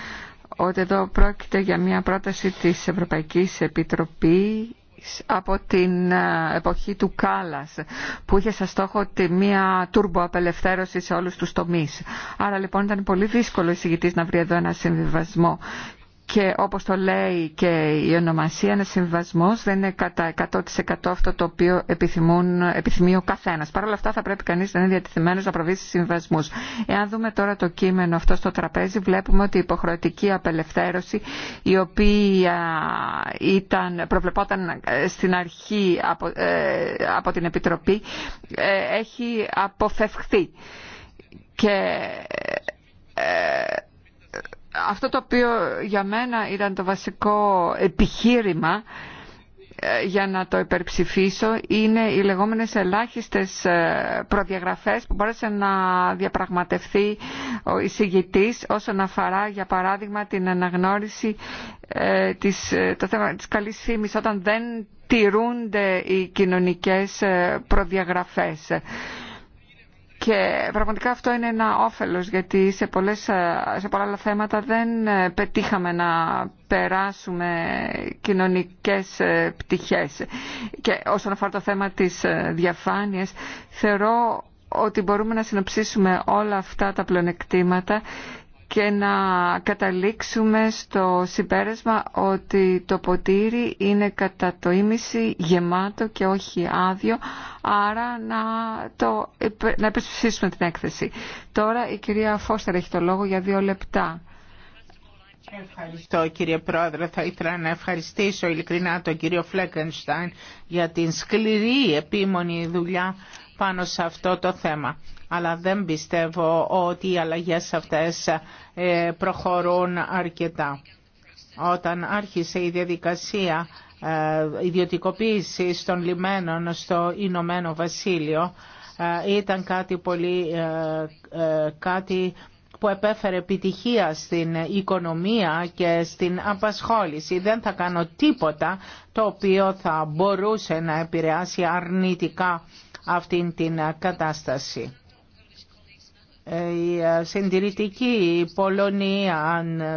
ότι εδώ πρόκειται για μια πρόταση της Ευρωπαϊκής Επιτροπής από την ε, εποχή του Κάλλας που είχε σαν στόχο τη μία τούρμπο απελευθέρωση σε όλους τους τομείς. Άρα λοιπόν ήταν πολύ δύσκολο ο εισηγητής να βρει εδώ ένα συμβιβασμό και όπως το λέει και η ονομασία ένα συμβασμός δεν είναι κατά 100% αυτό το οποίο επιθυμούν, επιθυμεί ο καθένας. Παρ' όλα αυτά θα πρέπει κανείς να είναι διατηθειμένος να προβεί σε συμβασμούς. Εάν δούμε τώρα το κείμενο αυτό στο τραπέζι βλέπουμε ότι η υποχρεωτική απελευθέρωση η οποία ήταν, προβλεπόταν ε, στην αρχή από, ε, από την Επιτροπή ε, έχει αποφευχθεί αυτό το οποίο για μένα ήταν το βασικό επιχείρημα ε, για να το υπερψηφίσω είναι οι λεγόμενες ελάχιστες ε, προδιαγραφές που μπόρεσε να διαπραγματευτεί ο εισηγητής όσον αφορά για παράδειγμα την αναγνώριση ε, της, το θέμα της καλής φήμης όταν δεν τηρούνται οι κοινωνικές προδιαγραφές. Και πραγματικά αυτό είναι ένα όφελος γιατί σε, πολλές, σε πολλά άλλα θέματα δεν ε, πετύχαμε να περάσουμε κοινωνικές ε, πτυχές. Και όσον αφορά το θέμα της ε, διαφάνειας, θεωρώ ότι μπορούμε να συνοψίσουμε όλα αυτά τα πλονεκτήματα και να καταλήξουμε στο συμπέρασμα ότι το ποτήρι είναι κατά το ίμιση γεμάτο και όχι άδειο, άρα να, το, να την έκθεση. Τώρα η κυρία Φώστερ έχει το λόγο για δύο λεπτά. Ευχαριστώ κύριε Πρόεδρε. Θα ήθελα να ευχαριστήσω ειλικρινά τον κύριο Φλέκενστάιν για την σκληρή επίμονη δουλειά πάνω σε αυτό το θέμα. Αλλά δεν πιστεύω ότι οι αλλαγές αυτές ε, προχωρούν αρκετά. Όταν άρχισε η διαδικασία ε, ιδιωτικοποίηση των λιμένων στο Ηνωμένο Βασίλειο ε, ήταν κάτι, πολύ, κάτι που επέφερε επιτυχία στην οικονομία και στην απασχόληση. Δεν θα κάνω τίποτα το οποίο θα μπορούσε να επηρεάσει αρνητικά αυτήν την κατάσταση. Η ε, συντηρητική Πολωνία, αν ε,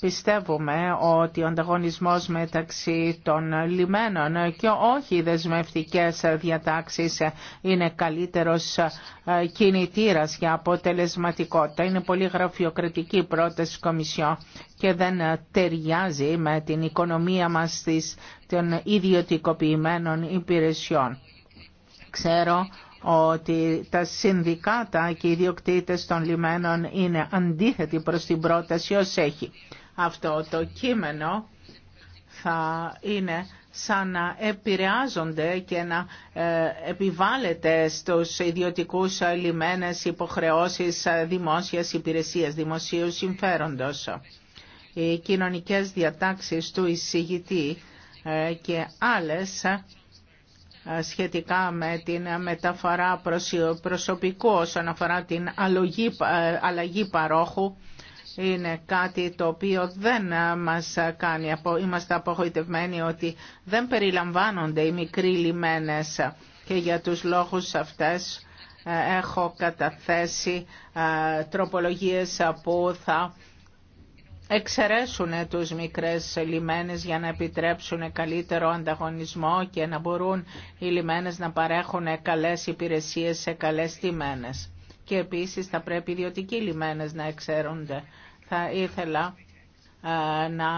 πιστεύουμε ότι ο ανταγωνισμός μεταξύ των λιμένων και όχι οι δεσμευτικές διατάξεις είναι καλύτερος ε, κινητήρας για αποτελεσματικότητα. Είναι πολύ γραφειοκρατική πρόταση Κομισιό και δεν ταιριάζει με την οικονομία μας των ιδιωτικοποιημένων υπηρεσιών. Ξέρω ότι τα συνδικάτα και οι ιδιοκτήτες των λιμένων είναι αντίθετοι προς την πρόταση ως έχει. Αυτό το κείμενο θα είναι σαν να επηρεάζονται και να ε, επιβάλλεται στους ιδιωτικούς λιμένες υποχρεώσεις δημόσιας υπηρεσίας, δημοσίου συμφέροντος. Οι κοινωνικές διατάξεις του εισηγητή ε, και άλλες σχετικά με την μεταφορά προσωπικού όσον αφορά την ε, αλλαγή παρόχου είναι κάτι το οποίο δεν μας κάνει. Είμαστε απογοητευμένοι ότι δεν περιλαμβάνονται οι μικροί λιμένες και για τους λόγους αυτές ε, έχω καταθέσει ε, τροπολογίες που θα εξαιρέσουν τους μικρές λιμένες για να επιτρέψουν καλύτερο ανταγωνισμό και να μπορούν οι λιμένες να παρέχουν καλές υπηρεσίες σε καλές τιμένες. Και επίσης θα πρέπει οι ιδιωτικοί λιμένες να εξαιρούνται. Θα ήθελα ε, ε, να,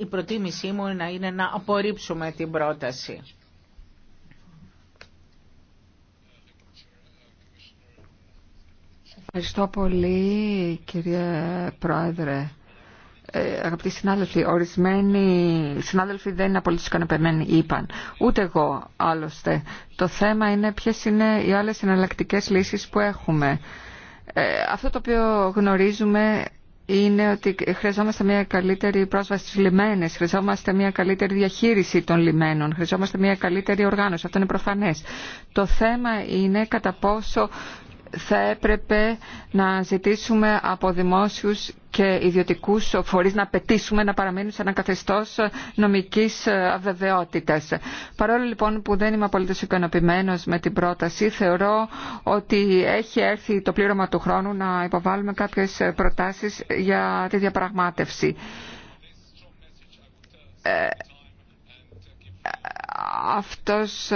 η προτίμησή μου να είναι να απορρίψουμε την πρόταση. Ευχαριστώ πολύ κύριε Πρόεδρε. Ε, αγαπητοί συνάδελφοι, ορισμένοι συνάδελφοι δεν είναι απολύτως ικανοποιημένοι, είπαν. Ούτε εγώ, άλλωστε. Το θέμα είναι ποιες είναι οι άλλες εναλλακτικέ λύσεις που έχουμε. Ε, αυτό το οποίο γνωρίζουμε είναι ότι χρειαζόμαστε μια καλύτερη πρόσβαση στις λιμένες, χρειαζόμαστε μια καλύτερη διαχείριση των λιμένων, χρειαζόμαστε μια καλύτερη οργάνωση. Αυτό είναι προφανές. Το θέμα είναι κατά πόσο θα έπρεπε να ζητήσουμε από δημόσιους και ιδιωτικούς φορείς να πετήσουμε να παραμείνουν σε ένα καθεστώς νομικής αβεβαιότητας. Παρόλο λοιπόν που δεν είμαι απολύτως ικανοποιημένος με την πρόταση, θεωρώ ότι έχει έρθει το πλήρωμα του χρόνου να υποβάλουμε κάποιες προτάσεις για τη διαπραγμάτευση. Ε, αυτός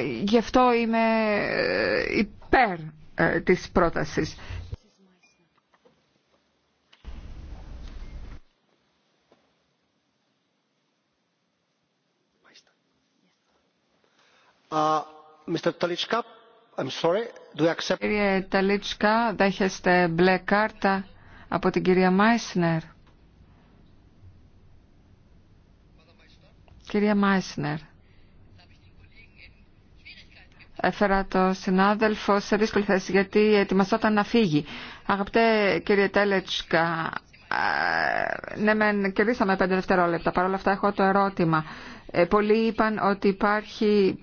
γι' αυτό είμαι ε, υπέρ ε, της πρότασης. Κύριε Ταλίτσκα, δέχεστε μπλε κάρτα από την κυρία Μάισνερ. Κυρία Μάισνερ έφερα το συνάδελφο σε δύσκολη θέση γιατί ετοιμαζόταν να φύγει. Αγαπητέ κύριε Τέλετσκα, ναι μεν κερδίσαμε πέντε δευτερόλεπτα, παρόλα αυτά έχω το ερώτημα. Ε, πολλοί είπαν ότι υπάρχει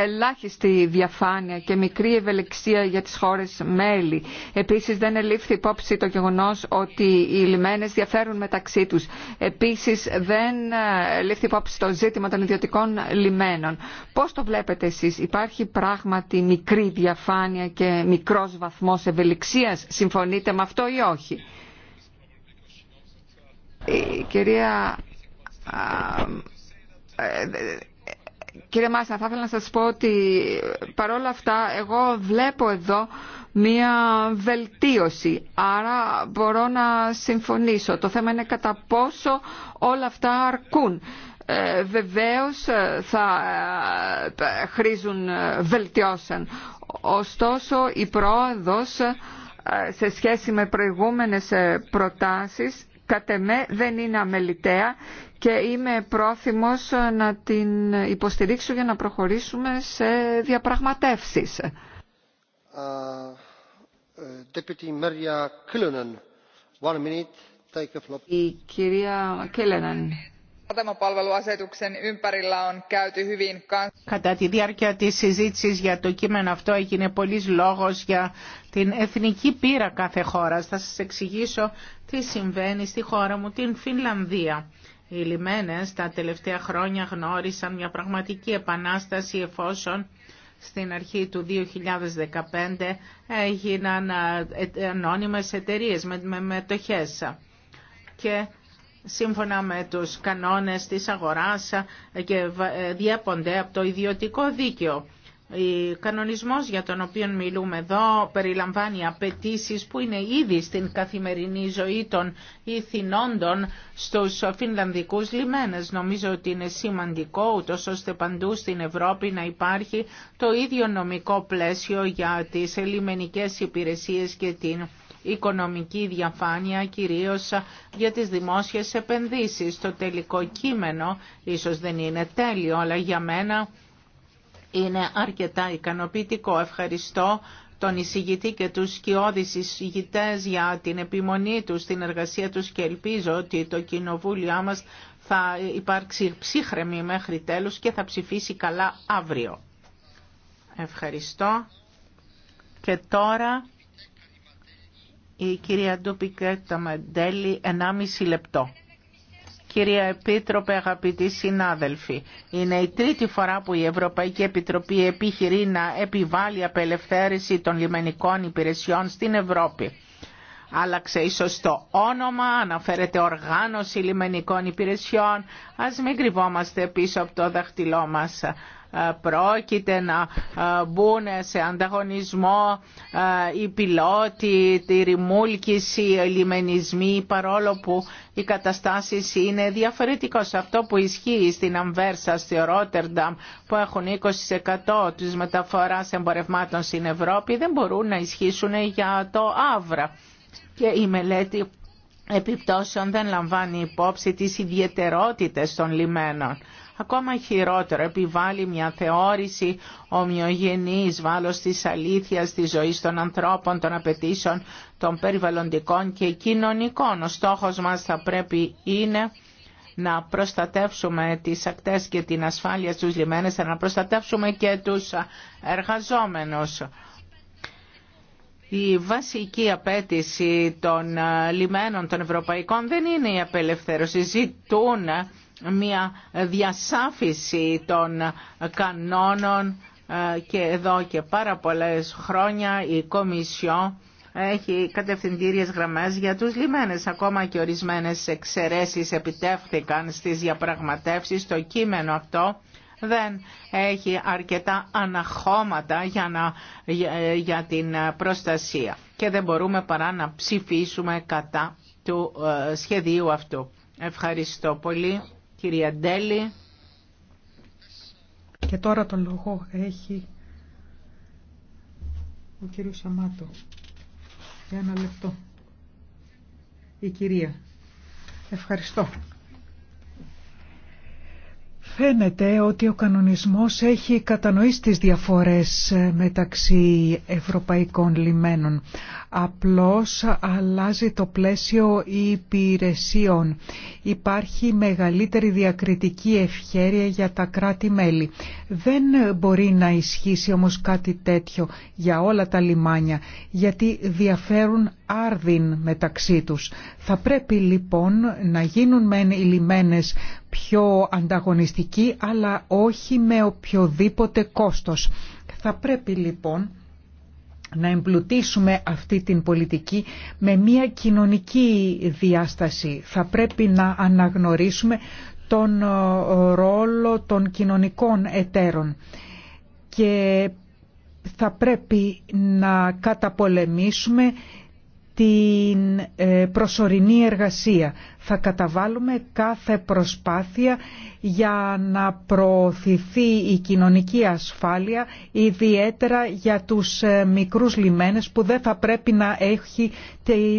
ελάχιστη διαφάνεια και μικρή ευελιξία για τις χώρες μέλη. Επίσης δεν ελήφθη υπόψη το γεγονός ότι οι λιμένες διαφέρουν μεταξύ τους. Επίσης δεν ε, ελήφθη υπόψη το ζήτημα των ιδιωτικών λιμένων. Πώς το βλέπετε εσείς, υπάρχει πράγματι μικρή διαφάνεια και μικρός βαθμός ευελιξίας, συμφωνείτε με αυτό ή όχι. Η οχι Κύριε Μάσα, θα ήθελα να σας πω ότι παρόλα αυτά εγώ βλέπω εδώ μία βελτίωση. Άρα μπορώ να συμφωνήσω. Το θέμα είναι κατά πόσο όλα αυτά αρκούν. Ε, βεβαίως ε, θα ε, χρήζουν ε, βελτιώσεων. Ωστόσο η πρόοδος σε σχέση με προηγούμενες προτάσεις κατ' δεν είναι αμεληταία και είμαι πρόθυμος να την υποστηρίξω για να προχωρήσουμε σε διαπραγματεύσεις. Uh, uh, Η κυρία Κατά τη διάρκεια της συζήτησης για το κείμενο αυτό έγινε πολλής λόγος για την εθνική πείρα κάθε χώρας. Θα σας εξηγήσω τι συμβαίνει στη χώρα μου, την Φινλανδία. Οι λιμένες τα τελευταία χρόνια γνώρισαν μια πραγματική επανάσταση εφόσον στην αρχή του 2015 έγιναν ε, ε, ανώνυμες εταιρείες με μετοχές και σύμφωνα με τους κανόνες της αγοράς ε, και διέπονται από το ιδιωτικό δίκαιο. Ο κανονισμός για τον οποίο μιλούμε εδώ περιλαμβάνει απαιτήσει που είναι ήδη στην καθημερινή ζωή των ηθινόντων στους φινλανδικούς λιμένες. Νομίζω ότι είναι σημαντικό ούτως ώστε παντού στην Ευρώπη να υπάρχει το ίδιο νομικό πλαίσιο για τις λιμενικές υπηρεσίες και την οικονομική διαφάνεια κυρίως για τις δημόσιες επενδύσεις. Το τελικό κείμενο ίσως δεν είναι τέλειο, αλλά για μένα είναι αρκετά ικανοποιητικό. Ευχαριστώ τον εισηγητή και τους σκιώδεις εισηγητές για την επιμονή τους στην εργασία τους και ελπίζω ότι το κοινοβούλιο μας θα υπάρξει ψύχρεμη μέχρι τέλους και θα ψηφίσει καλά αύριο. Ευχαριστώ. Και τώρα η κυρία Ντουπικέτα Μαντέλη, 1,5 λεπτό. Κυρία Επίτροπε, αγαπητοί συνάδελφοι, είναι η τρίτη φορά που η Ευρωπαϊκή Επιτροπή επιχειρεί να επιβάλλει απελευθέρωση των λιμενικών υπηρεσιών στην Ευρώπη. Άλλαξε ίσως το όνομα, αναφέρεται οργάνωση λιμενικών υπηρεσιών. Ας μην κρυβόμαστε πίσω από το δάχτυλό μας πρόκειται να ε, μπουν σε ανταγωνισμό ε, οι πιλότοι, τη ρημούλκηση, οι λιμενισμοί, παρόλο που οι καταστάσει είναι διαφορετικές. Αυτό που ισχύει στην Αμβέρσα, στη Ρότερνταμ, που έχουν 20% της μεταφοράς εμπορευμάτων στην Ευρώπη, δεν μπορούν να ισχύσουν για το Αύρα. Και η μελέτη επιπτώσεων δεν λαμβάνει υπόψη τις ιδιαιτερότητες των λιμένων. Ακόμα χειρότερο επιβάλλει μια θεώρηση ομοιογενής βάλος της αλήθειας, της ζωής των ανθρώπων, των απαιτήσεων, των περιβαλλοντικών και κοινωνικών. Ο στόχος μας θα πρέπει είναι να προστατεύσουμε τις ακτές και την ασφάλεια στους λιμένες, αλλά να προστατεύσουμε και τους εργαζόμενους. Η βασική απέτηση των λιμένων των ευρωπαϊκών δεν είναι η απελευθέρωση. Ζητούν μια διασάφηση των κανόνων ε, και εδώ και πάρα πολλές χρόνια η Κομισιό έχει κατευθυντήριες γραμμές για τους λιμένες. Ακόμα και ορισμένες εξαιρέσεις επιτεύχθηκαν στις διαπραγματεύσεις. Το κείμενο αυτό δεν έχει αρκετά αναχώματα για, να, για, την προστασία και δεν μπορούμε παρά να ψηφίσουμε κατά του ε, σχεδίου αυτού. Ευχαριστώ πολύ κυρία Και τώρα το λόγο έχει ο κύριο Σαμάτο. Για ένα λεπτό. Η κυρία. Ευχαριστώ. Φαίνεται ότι ο κανονισμός έχει κατανοήσει τις διαφορές ε, μεταξύ ευρωπαϊκών λιμένων. Απλώς αλλάζει το πλαίσιο υπηρεσιών. Υπάρχει μεγαλύτερη διακριτική ευχέρεια για τα κράτη-μέλη. Δεν μπορεί να ισχύσει όμως κάτι τέτοιο για όλα τα λιμάνια, γιατί διαφέρουν άρδιν μεταξύ τους. Θα πρέπει λοιπόν να γίνουν μεν οι λιμένες πιο ανταγωνιστικοί αλλά όχι με οποιοδήποτε κόστος. Θα πρέπει λοιπόν να εμπλουτίσουμε αυτή την πολιτική με μια κοινωνική διάσταση. Θα πρέπει να αναγνωρίσουμε τον ε, ρόλο των κοινωνικών εταίρων και θα πρέπει να καταπολεμήσουμε την ε, προσωρινή εργασία. Θα καταβάλουμε κάθε προσπάθεια για να προωθηθεί η κοινωνική ασφάλεια, ιδιαίτερα για τους ε, μικρούς λιμένες που δεν θα πρέπει να, έχει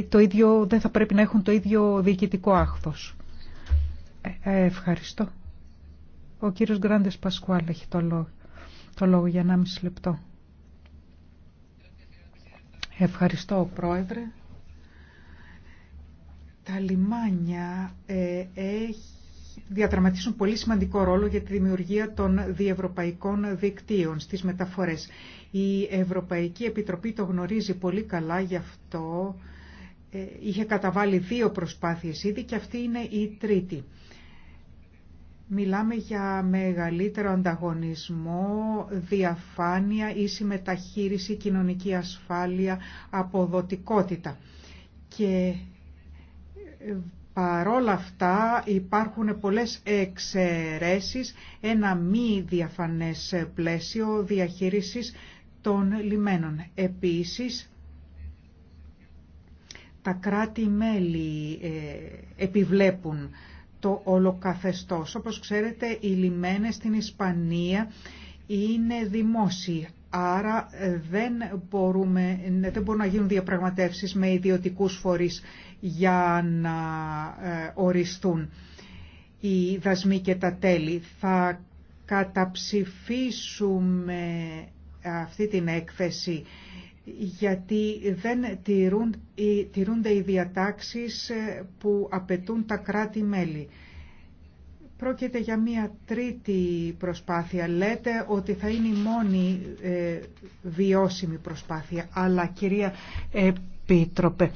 το ίδιο, δεν θα πρέπει να έχουν το ίδιο διοικητικό άχθος. Ε, ε ευχαριστώ. Ο κύριος Γκράντες Πασκουάλ έχει το λόγο, το λόγο για 1,5 λεπτό. Ευχαριστώ, Πρόεδρε τα λιμάνια ε, έχει διαδραματίζουν πολύ σημαντικό ρόλο για τη δημιουργία των διευρωπαϊκών δικτύων στις μεταφορές. Η Ευρωπαϊκή Επιτροπή το γνωρίζει πολύ καλά, γι' αυτό ε, είχε καταβάλει δύο προσπάθειες ήδη και αυτή είναι η τρίτη. Μιλάμε για μεγαλύτερο ανταγωνισμό, διαφάνεια, ίση μεταχείριση, κοινωνική ασφάλεια, αποδοτικότητα. Και παρόλα αυτά υπάρχουν πολλές εξαιρέσεις, ένα μη διαφανές πλαίσιο διαχείρισης των λιμένων. Επίσης, τα κράτη-μέλη ε, επιβλέπουν το ολοκαθεστώς. Όπως ξέρετε, οι λιμένες στην Ισπανία είναι δημόσιοι, άρα δεν, μπορούμε, δεν μπορούν να γίνουν διαπραγματεύσεις με ιδιωτικούς φορείς για να ε, οριστούν οι δασμοί και τα τέλη. Θα καταψηφίσουμε αυτή την έκθεση γιατί δεν τηρούν, τηρούνται οι διατάξεις ε, που απαιτούν τα κράτη-μέλη. Πρόκειται για μία τρίτη προσπάθεια. Λέτε ότι θα είναι η μόνη ε, βιώσιμη προσπάθεια. Αλλά κυρία Επίτροπε,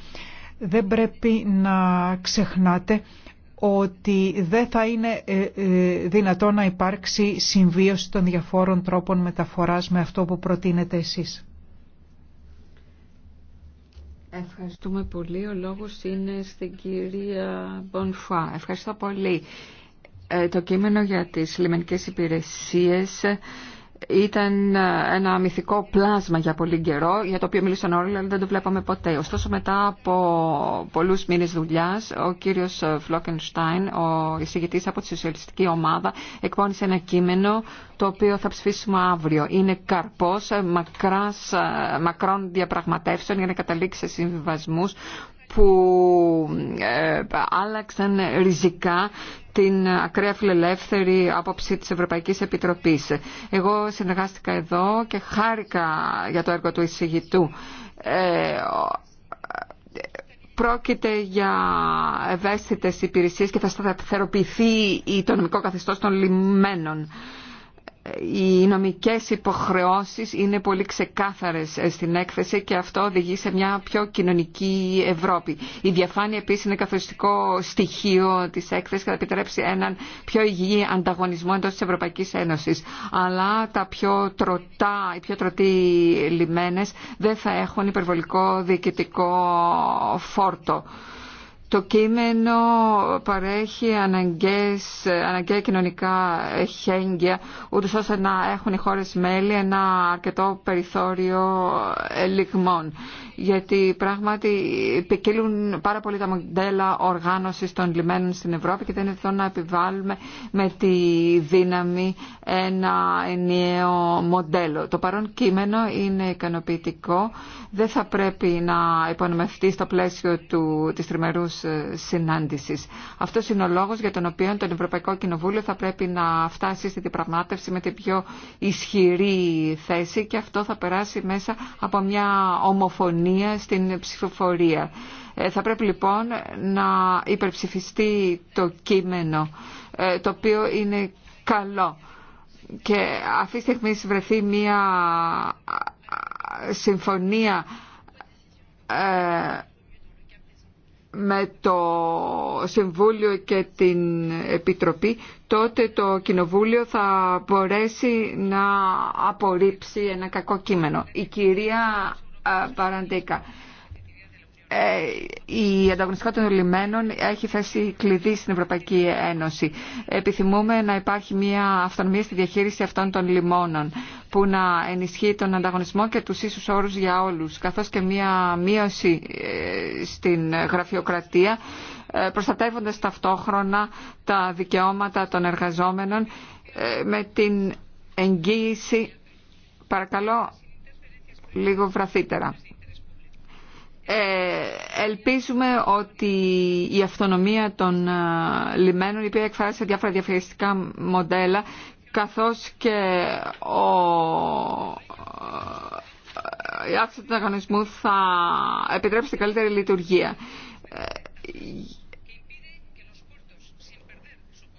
δεν πρέπει να ξεχνάτε ότι δεν θα είναι ε, ε, δυνατό να υπάρξει συμβίωση των διαφόρων τρόπων μεταφοράς με αυτό που προτείνετε εσείς. Ευχαριστούμε πολύ. Ο λόγος είναι στην κυρία Μπονφά. Ευχαριστώ πολύ. Ε, το κείμενο για τις λιμενικές υπηρεσίες ήταν ε, ένα μυθικό πλάσμα για πολύ καιρό, για το οποίο μίλησαν όλοι, αλλά δεν το βλέπαμε ποτέ. Ωστόσο, μετά από πολλού μήνε δουλειά, ο κύριο ε, Φλόκενστάιν, ο εισηγητή από τη Σοσιαλιστική Ομάδα, εκπώνησε ένα κείμενο το οποίο θα ψηφίσουμε αύριο. Είναι καρπό ε, μακρών διαπραγματεύσεων για να καταλήξει σε συμβιβασμού που άλλαξαν ριζικά την ακραία φιλελεύθερη άποψη της Ευρωπαϊκής Επιτροπής. Εγώ συνεργάστηκα εδώ και χάρηκα για το έργο του εισηγητού. Ε, πρόκειται για ευαίσθητες υπηρεσίες και θα σταθεροποιηθεί η οικονομικό καθεστώς των λιμένων οι νομικές υποχρεώσεις είναι πολύ ξεκάθαρες ε, στην έκθεση και αυτό οδηγεί σε μια πιο κοινωνική Ευρώπη. Η διαφάνεια επίσης είναι καθοριστικό στοιχείο της έκθεσης και θα επιτρέψει έναν πιο υγιή ανταγωνισμό εντός της Ευρωπαϊκής Ένωσης. Αλλά τα πιο τροτά, οι πιο τροτοί λιμένες δεν θα έχουν υπερβολικό διοικητικό φόρτο. Το κείμενο παρέχει αναγκαίες, αναγκαία κοινωνικά χέγγια, ούτως ώστε να έχουν οι χώρες μέλη ένα αρκετό περιθώριο ελιγμών γιατί πράγματι επικύλουν πάρα πολύ τα μοντέλα οργάνωσης των λιμένων στην Ευρώπη και δεν είναι δυνατόν να επιβάλλουμε με τη δύναμη ένα ενιαίο μοντέλο. Το παρόν κείμενο είναι ικανοποιητικό, δεν θα πρέπει να υπονομευτεί στο πλαίσιο του, της τριμερούς ε, συνάντησης. Αυτός είναι ο λόγος για τον οποίο το Ευρωπαϊκό Κοινοβούλιο θα πρέπει να φτάσει στη διαπραγμάτευση με την πιο ισχυρή θέση και αυτό θα περάσει μέσα από μια ομοφωνία στην ψηφοφορία. Ε, θα πρέπει λοιπόν να υπερψηφιστεί το κείμενο, ε, το οποίο είναι καλό. Και αυτή τη στιγμή βρεθεί μια ε, συμφωνία με το Συμβούλιο και την Επιτροπή, τότε το Κοινοβούλιο θα μπορέσει να απορρίψει ένα κακό κείμενο. Η κυρία Παραντίκα. Ε, η ανταγωνιστικότητα των λιμένων έχει θέση κλειδί στην Ευρωπαϊκή Ένωση. Επιθυμούμε να υπάρχει μια αυτονομία στη διαχείριση αυτών των λιμώνων που να ενισχύει τον ανταγωνισμό και τους ίσους όρους για όλους, καθώς και μια μείωση ε, στην γραφειοκρατία, ε, προστατεύοντας ταυτόχρονα τα δικαιώματα των εργαζόμενων με την εγγύηση... Παρακαλώ λίγο βραθύτερα. Ε, ελπίζουμε ότι η αυτονομία των ε, λιμένων, η οποία εκφράζει σε διάφορα διαφορετικά μοντέλα, καθώς και ο, ε, η άξιση του αγωνισμού θα επιτρέψει καλύτερη λειτουργία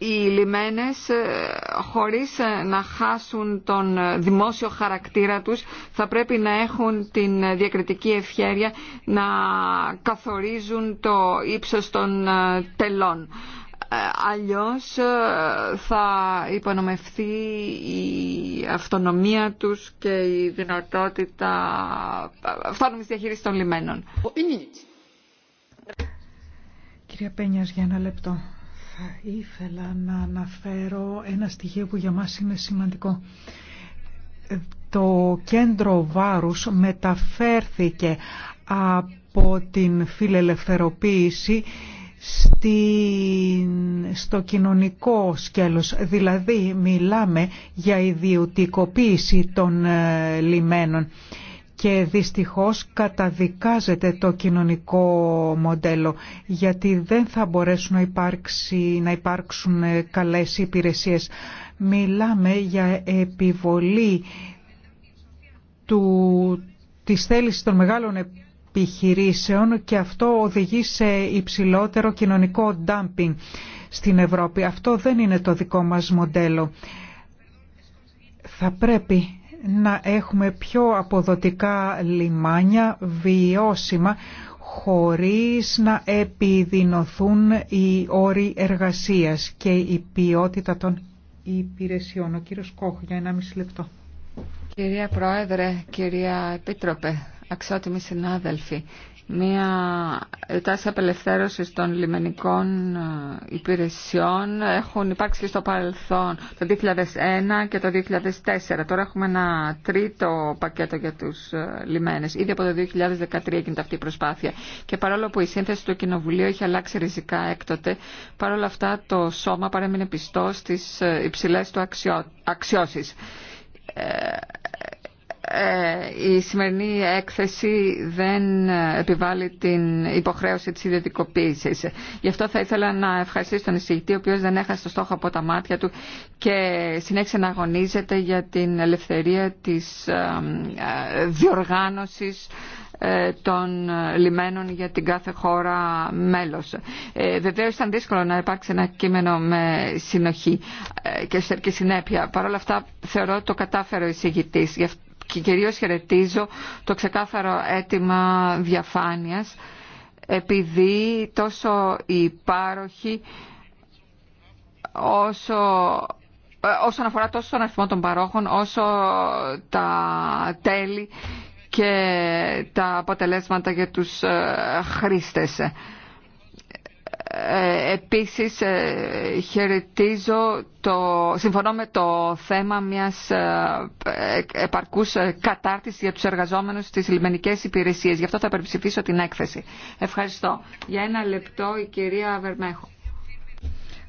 οι λιμένες ε, χωρίς ε, να χάσουν τον ε, δημόσιο χαρακτήρα τους θα πρέπει να έχουν την διακριτική ευχέρεια να καθορίζουν το ύψος των τελών. Αλλιώς θα υπονομευθεί η αυτονομία τους και η δυνατότητα αυτόνομης διαχείριση των λιμένων. Κυρία Πένιας, για ένα λεπτό. Θα ήθελα να αναφέρω ένα στοιχείο που για μας είναι σημαντικό. Το κέντρο βάρους μεταφέρθηκε από την φιλελευθεροποίηση στο κοινωνικό σκέλος. Δηλαδή μιλάμε για ιδιωτικοποίηση των ε, λιμένων και δυστυχώς καταδικάζεται το κοινωνικό μοντέλο γιατί δεν θα μπορέσουν να, να υπάρξουν καλές υπηρεσίες. Μιλάμε για επιβολή του, της θέλησης των μεγάλων επιχειρήσεων και αυτό οδηγεί σε υψηλότερο κοινωνικό ντάμπινγκ στην Ευρώπη. Αυτό δεν είναι το δικό μας μοντέλο. Θα πρέπει να έχουμε πιο αποδοτικά λιμάνια, βιώσιμα, χωρίς να επιδεινωθούν οι όροι εργασίας και η ποιότητα των υπηρεσιών. Ο κύριος Κόχ για ένα μισή λεπτό. Κυρία Πρόεδρε, κυρία Επίτροπε, αξιότιμοι συνάδελφοι, μια τάση απελευθέρωσης των λιμενικών ε, υπηρεσιών έχουν υπάρξει και στο παρελθόν το 2001 και το 2004. Τώρα έχουμε ένα τρίτο πακέτο για τους ε, λιμένες. Ήδη από το 2013 γίνεται αυτή η προσπάθεια. Και παρόλο που η σύνθεση του Κοινοβουλίου έχει αλλάξει ριζικά έκτοτε, παρόλα αυτά το σώμα παρέμεινε πιστό στις ε, υψηλές του αξιώσεις ε, η σημερινή έκθεση δεν ε, επιβάλλει την υποχρέωση της ιδιωτικοποίησης. Γι' αυτό θα ήθελα να ευχαριστήσω τον εισηγητή, ο οποίος δεν έχασε το στόχο από τα μάτια του και συνέχισε να αγωνίζεται για την ελευθερία της ε, διοργάνωσης των λιμένων για την κάθε χώρα μέλος. Ε, Βεβαίω ήταν δύσκολο να υπάρξει ένα κείμενο με συνοχή και συνέπεια. Παρ' όλα αυτά θεωρώ το κατάφερο ο εισηγητής και κυρίως χαιρετίζω το ξεκάθαρο αίτημα διαφάνειας επειδή τόσο οι πάροχοι όσο ε, όσον αφορά τόσο τον αριθμό των παρόχων όσο τα τέλη και τα αποτελέσματα για τους ε, χρήστες. Ε, επίσης ε, χαιρετίζω το, συμφωνώ με το θέμα μιας ε, επαρκούς κατάρτισης για τους εργαζόμενους στις λιμενικές υπηρεσίες. Γι' αυτό θα υπερψηφίσω την έκθεση. Ευχαριστώ. Για ένα λεπτό η κυρία Βερμέχο.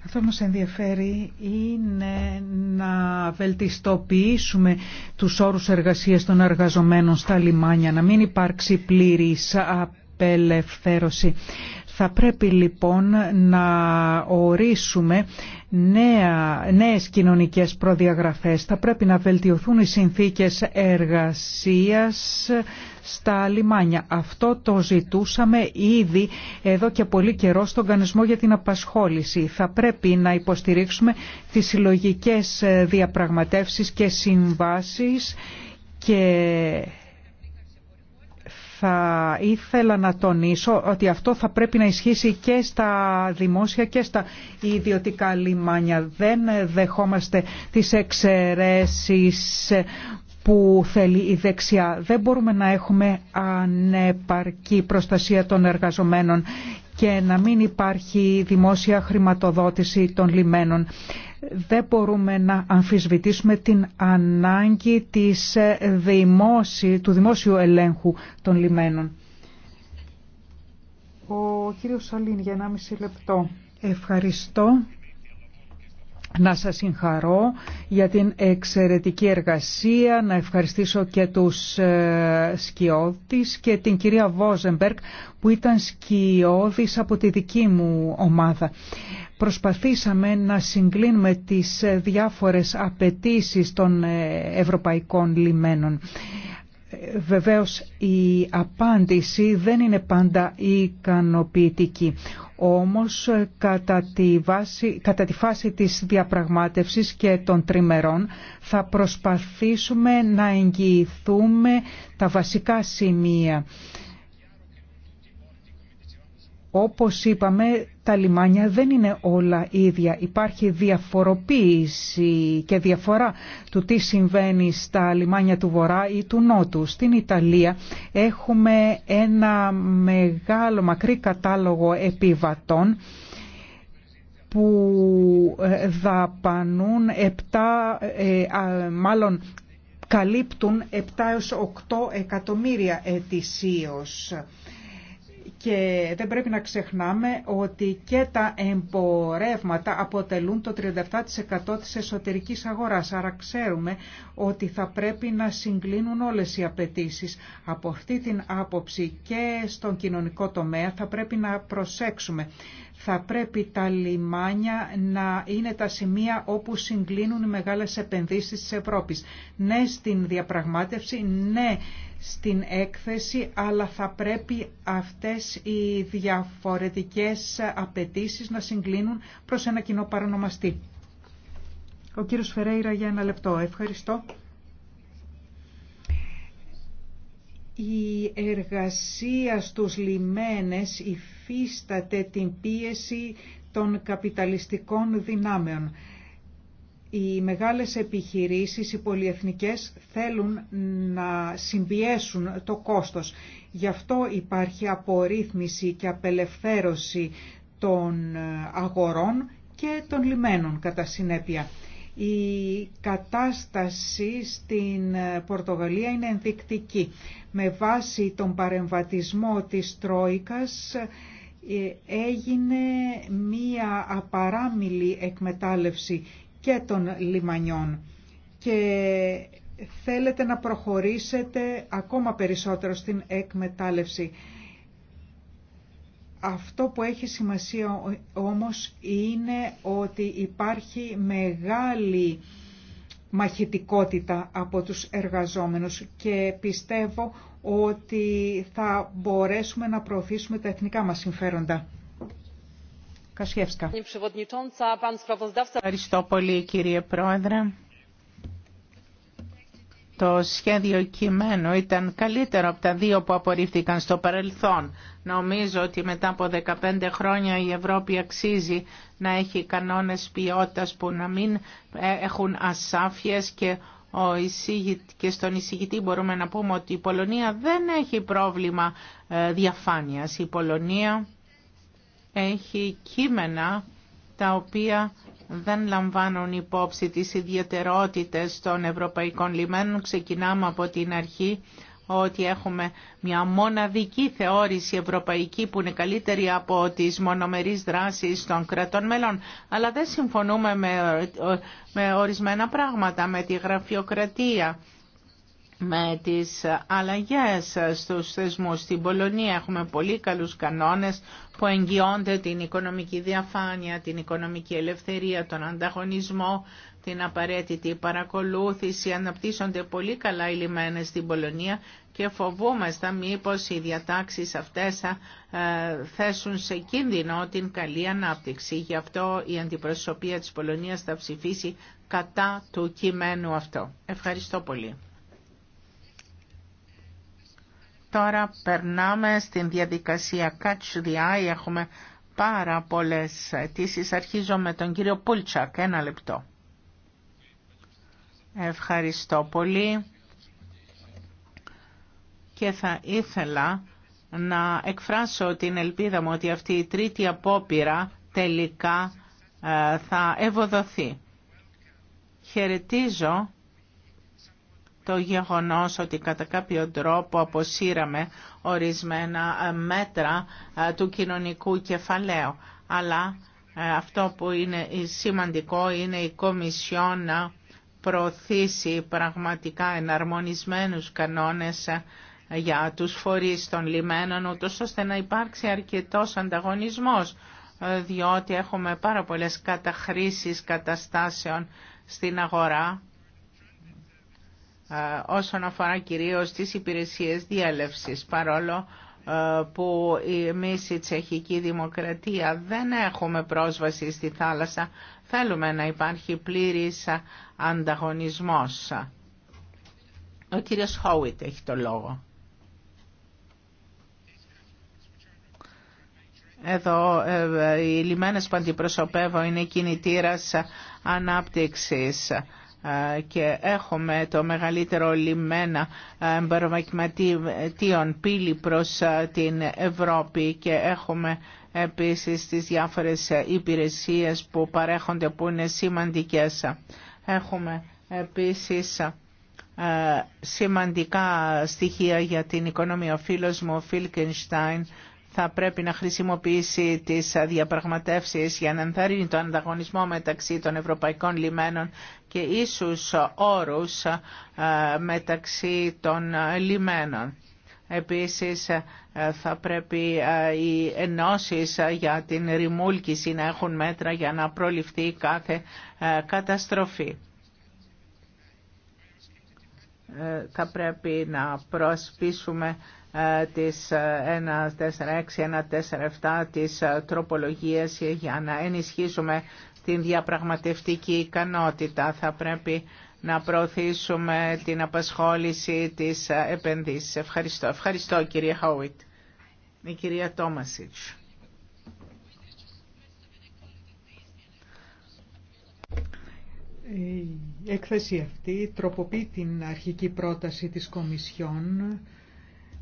Αυτό που μας ενδιαφέρει είναι να βελτιστοποιήσουμε τους όρους εργασίας των εργαζομένων στα λιμάνια, να μην υπάρξει πλήρης απελευθέρωση θα πρέπει λοιπόν να ορίσουμε νέα, νέες κοινωνικές προδιαγραφές. Θα πρέπει να βελτιωθούν οι συνθήκες εργασίας στα λιμάνια. Αυτό το ζητούσαμε ήδη εδώ και πολύ καιρό στον κανονισμό για την απασχόληση. Θα πρέπει να υποστηρίξουμε τις συλλογικές διαπραγματεύσεις και συμβάσεις και θα ήθελα να τονίσω ότι αυτό θα πρέπει να ισχύσει και στα δημόσια και στα ιδιωτικά λιμάνια. Δεν δεχόμαστε τις εξαιρέσεις που θέλει η δεξιά. Δεν μπορούμε να έχουμε ανεπαρκή προστασία των εργαζομένων και να μην υπάρχει δημόσια χρηματοδότηση των λιμένων. Δεν μπορούμε να αμφισβητήσουμε την ανάγκη της ε, του δημόσιου ελέγχου των λιμένων. Ο κύριος Σαλίν για 1,5 λεπτό. Ευχαριστώ να σας συγχαρώ για την εξαιρετική εργασία, να ευχαριστήσω και τους ε, και την κυρία Βόζεμπερκ που ήταν σκιώδης από τη δική μου ομάδα. Προσπαθήσαμε να συγκλίνουμε τις ε, διάφορες απαιτήσεις των ε, ευρωπαϊκών λιμένων. Βεβαίως η απάντηση δεν είναι πάντα ικανοποιητική. Όμως κατά τη, βάση, κατά τη φάση της διαπραγμάτευσης και των τριμερών θα προσπαθήσουμε να εγγυηθούμε τα βασικά σημεία όπως είπαμε, τα λιμάνια δεν είναι όλα ίδια. Υπάρχει διαφοροποίηση και διαφορά του τι συμβαίνει στα λιμάνια του Βορρά ή του Νότου. Στην Ιταλία έχουμε ένα μεγάλο μακρύ κατάλογο επιβατών που ε, δαπανούν 7, ε, μάλλον καλύπτουν 7 έως 8 εκατομμύρια ετησίως και δεν πρέπει να ξεχνάμε ότι και τα εμπορεύματα αποτελούν το 37% της εσωτερικής αγοράς. Άρα ξέρουμε ότι θα πρέπει να συγκλίνουν όλες οι απαιτήσει. Από αυτή την άποψη και στον κοινωνικό τομέα θα πρέπει να προσέξουμε θα πρέπει τα λιμάνια να είναι τα σημεία όπου συγκλίνουν οι μεγάλες επενδύσεις της Ευρώπης. Ναι στην διαπραγμάτευση, ναι στην έκθεση, αλλά θα πρέπει αυτές οι διαφορετικές απαιτήσεις να συγκλίνουν προς ένα κοινό παρονομαστή. Ο κύριος Φερέιρα για ένα λεπτό. Ευχαριστώ. Η εργασία στους λιμένες, η υφίσταται την πίεση των καπιταλιστικών δυνάμεων. Οι μεγάλες επιχειρήσεις, οι πολυεθνικές θέλουν να συμπιέσουν το κόστος. Γι' αυτό υπάρχει απορρίθμιση και απελευθέρωση των ε, αγορών και των λιμένων κατά συνέπεια. Η κατάσταση στην ε, Πορτογαλία είναι ενδεικτική. Με βάση τον παρεμβατισμό της Τρόικας ε, έγινε μία απαράμιλη εκμετάλλευση και των λιμανιών και θέλετε να προχωρήσετε ακόμα περισσότερο στην εκμετάλλευση. Αυτό που έχει σημασία όμως είναι ότι υπάρχει μεγάλη μαχητικότητα από τους εργαζόμενους και πιστεύω ότι θα μπορέσουμε να προωθήσουμε τα εθνικά μας συμφέροντα. Κασιεύσκα. Ευχαριστώ πολύ κύριε Πρόεδρε. Το σχέδιο κειμένου ήταν καλύτερο από τα δύο που απορρίφθηκαν στο παρελθόν. Νομίζω ότι μετά από 15 χρόνια η Ευρώπη αξίζει να έχει κανόνες ποιότητας που να μην ε, έχουν ασάφειες και και στον εισηγητή μπορούμε να πούμε ότι η Πολωνία δεν έχει πρόβλημα ε, διαφάνειας. Η Πολωνία έχει κείμενα τα οποία δεν λαμβάνουν υπόψη τις ιδιαιτερότητες των ευρωπαϊκών λιμένων. Ξεκινάμε από την αρχή ότι έχουμε μια μοναδική θεώρηση ευρωπαϊκή που είναι καλύτερη από τις μονομερείς δράσεις των κρατών μελών. Αλλά δεν συμφωνούμε με, ορισμένα πράγματα, με τη γραφειοκρατία με τις αλλαγές στους θεσμούς. Στην Πολωνία έχουμε πολύ καλούς κανόνες που εγγυώνται την οικονομική διαφάνεια, την οικονομική ελευθερία, τον ανταγωνισμό, την απαραίτητη παρακολούθηση. Αναπτύσσονται πολύ καλά οι λιμένες στην Πολωνία και φοβούμαστε μήπως οι διατάξεις αυτές θα ε, θέσουν σε κίνδυνο την καλή ανάπτυξη. Γι' αυτό η αντιπροσωπεία της Πολωνίας θα ψηφίσει κατά του κειμένου αυτό. Ευχαριστώ πολύ. Τώρα περνάμε στην διαδικασία Catch the Eye. Έχουμε πάρα πολλές αιτήσεις. Αρχίζω με τον κύριο Πούλτσακ. Ένα λεπτό. Ευχαριστώ πολύ και θα ήθελα να εκφράσω την ελπίδα μου ότι αυτή η τρίτη απόπειρα τελικά ε, θα ευοδοθεί. Χαιρετίζω το γεγονός ότι κατά κάποιο τρόπο αποσύραμε ορισμένα ε, μέτρα ε, του κοινωνικού κεφαλαίου. Αλλά αυτό που είναι σημαντικό είναι η Κομισιόν προωθήσει πραγματικά εναρμονισμένους κανόνες για τους φορείς των λιμένων, ούτως ώστε να υπάρξει αρκετός ανταγωνισμός, διότι έχουμε πάρα πολλές καταχρήσεις καταστάσεων στην αγορά, ε, όσον αφορά κυρίως τις υπηρεσίες διέλευσης, παρόλο ε, που εμείς η τσεχική δημοκρατία δεν έχουμε πρόσβαση στη θάλασσα. Θέλουμε να υπάρχει πλήρης ανταγωνισμός. Ο κύριος Χόουιτ έχει το λόγο. Εδώ ε, ε, οι λιμένες που αντιπροσωπεύω είναι κινητήρας ανάπτυξης και έχουμε το μεγαλύτερο λιμένα ε, εμπορευματίων πύλη προς ε, την Ευρώπη και έχουμε επίσης τις διάφορες ε, υπηρεσίες που παρέχονται που είναι σημαντικές. Έχουμε επίσης σημαντικά στοιχεία για την οικονομία. Ο φίλος μου, ο Φίλκενστάιν, θα πρέπει να χρησιμοποιήσει τις διαπραγματεύσεις για να ενθαρρύνει τον ανταγωνισμό μεταξύ των ευρωπαϊκών λιμένων και ίσους όρους ε, μεταξύ των ε, λιμένων. Επίσης ε, θα πρέπει οι ενώσεις για την ρημούλκηση να έχουν μέτρα για να προληφθεί κάθε καταστροφή θα πρέπει να προσπίσουμε της 146-147 της τροπολογίας για να ενισχύσουμε την διαπραγματευτική ικανότητα. Θα πρέπει να προωθήσουμε την απασχόληση της ε, επενδύσης. Ευχαριστώ. Ευχαριστώ κυρία Χόουιτ. Η κυρία Τόμασιτς. Η έκθεση αυτή τροποποιεί την αρχική πρόταση της Κομισιόν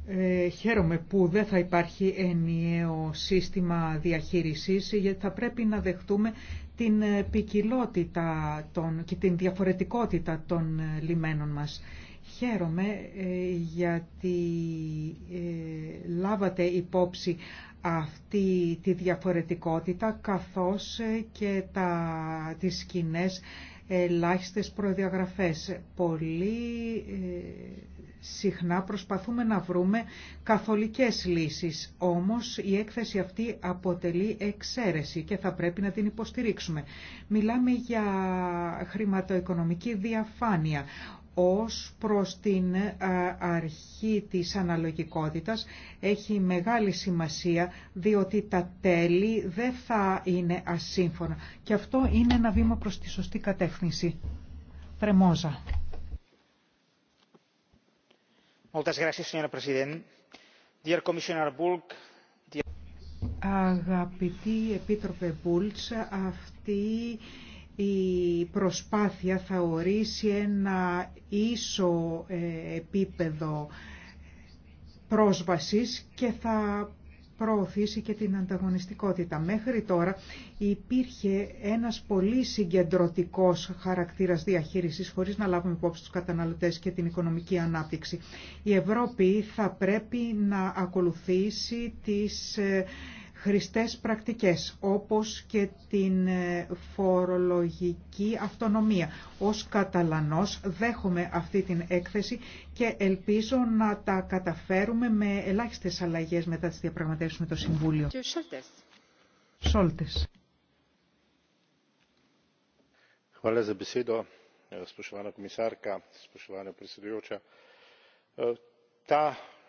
ε, χαίρομαι που δεν θα υπάρχει ενιαίο σύστημα διαχείρισης γιατί θα πρέπει να δεχτούμε την ποικιλότητα των, και την διαφορετικότητα των ε, λιμένων μας. Χαίρομαι ε, γιατί λάβατε υπόψη αυτή τη διαφορετικότητα καθώς και τα, τις σκηνές ελάχιστες προδιαγραφές. Πολύ Συχνά προσπαθούμε να βρούμε καθολικές λύσεις, όμως η έκθεση αυτή αποτελεί εξαίρεση και θα πρέπει να την υποστηρίξουμε. Μιλάμε για χρηματοοικονομική διαφάνεια ως προς την αρχή της αναλογικότητας έχει μεγάλη σημασία διότι τα τέλη δεν θα είναι ασύμφωνα και αυτό είναι ένα βήμα προς τη σωστή κατεύθυνση. Αγαπητοί presidenta Αγαπητή Επίτροπε Μπούλτς, αυτή η προσπάθεια θα ορίσει ένα ίσο ε, επίπεδο πρόσβασης και θα προωθήσει και την ανταγωνιστικότητα. Μέχρι τώρα υπήρχε ένας πολύ συγκεντρωτικός χαρακτήρας διαχείρισης χωρίς να λάβουμε υπόψη τους καταναλωτές και την οικονομική ανάπτυξη. Η Ευρώπη θα πρέπει να ακολουθήσει τις ε, χρηστές πρακτικές όπως και την ε, φορολογική αυτονομία. Ως Καταλανός δέχομαι αυτή την έκθεση και ελπίζω να τα καταφέρουμε με ελάχιστες αλλαγές μετά τις διαπραγματεύσεις με το Συμβούλιο. Σόλτες. Σόλτες.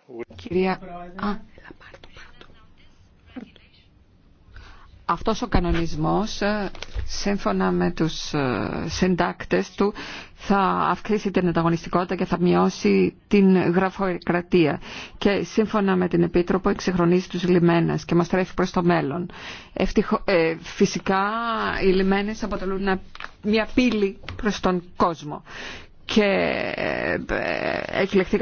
E, Κυρία αυτός ο κανονισμός ε, σύμφωνα με τους ε, συντάκτες του θα αυξήσει την ανταγωνιστικότητα και θα μειώσει την γραφοκρατία και σύμφωνα με την Επίτροπο εξεχρονίζει τους λιμένες και μας τρέφει προς το μέλλον. Ε, φυσικά οι λιμένες αποτελούν μια πύλη προς τον κόσμο και έχει λεχθεί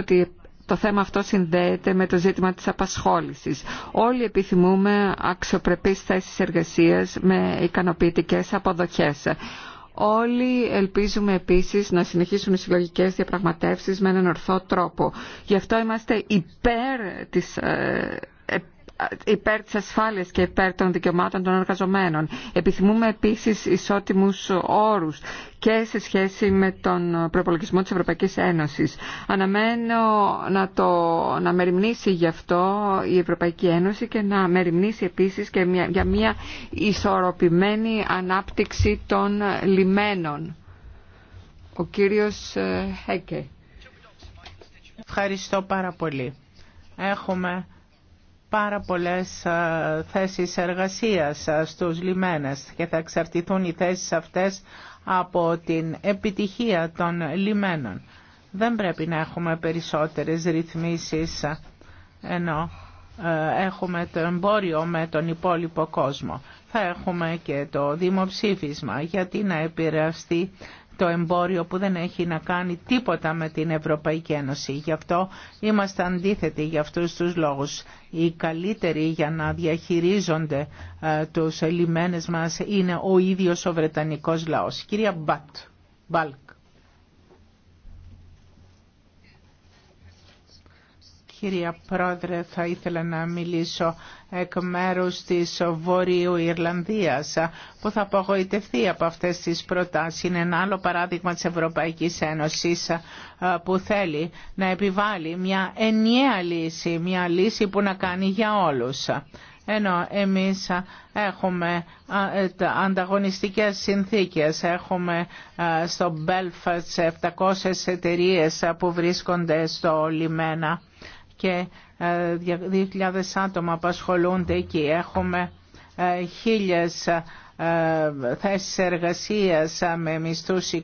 ότι το θέμα αυτό συνδέεται με το ζήτημα της απασχόλησης. Όλοι επιθυμούμε αξιοπρεπείς θέσεις εργασίας με ικανοποιητικές αποδοχές. Όλοι ελπίζουμε επίσης να συνεχίσουν οι συλλογικές διαπραγματεύσεις με έναν ορθό τρόπο. Γι' αυτό είμαστε υπέρ της ε, υπέρ της ασφάλειας και υπέρ των δικαιωμάτων των εργαζομένων. Επιθυμούμε επίσης ισότιμους όρους και σε σχέση με τον προπολογισμό της Ευρωπαϊκής Ένωσης. Αναμένω να, το, να μεριμνήσει γι' αυτό η Ευρωπαϊκή Ένωση και να μεριμνήσει επίσης και για μια ισορροπημένη ανάπτυξη των λιμένων. Ο κύριος ε, Χέκε. Ευχαριστώ πάρα πολύ. Έχουμε πάρα πολλές ε, θέσεις εργασίας ε, στους λιμένες και θα εξαρτηθούν οι θέσεις αυτές από την επιτυχία των λιμένων. Δεν πρέπει να έχουμε περισσότερες ρυθμίσεις ε, ενώ έχουμε το εμπόριο με τον υπόλοιπο κόσμο. Θα έχουμε και το δημοψήφισμα γιατί να επηρεαστεί το εμπόριο που δεν έχει να κάνει τίποτα με την Ευρωπαϊκή Ένωση. Γι' αυτό είμαστε αντίθετοι για αυτούς τους λόγους. Οι καλύτεροι για να διαχειρίζονται ε, τους ελιμένες μας είναι ο ίδιος ο Βρετανικός λαός. Κυρία Μπατ, Μπάλκ. Κυρία Πρόεδρε, θα ήθελα να μιλήσω εκ μέρους της Βορείου Ιρλανδίας που θα απογοητευτεί από αυτές τις προτάσεις. Είναι ένα άλλο παράδειγμα της Ευρωπαϊκής Ένωσης που θέλει να επιβάλλει μια ενιαία λύση, μια λύση που να κάνει για όλους ενώ εμείς έχουμε ε, ανταγωνιστικές συνθήκες. Έχουμε στο Belfast 700 εταιρείες που βρίσκονται στο λιμένα και 2.000 ε, άτομα απασχολούνται εκεί. Έχουμε ε, χίλιες ε, θέσεις εργασίας με μισθούς 26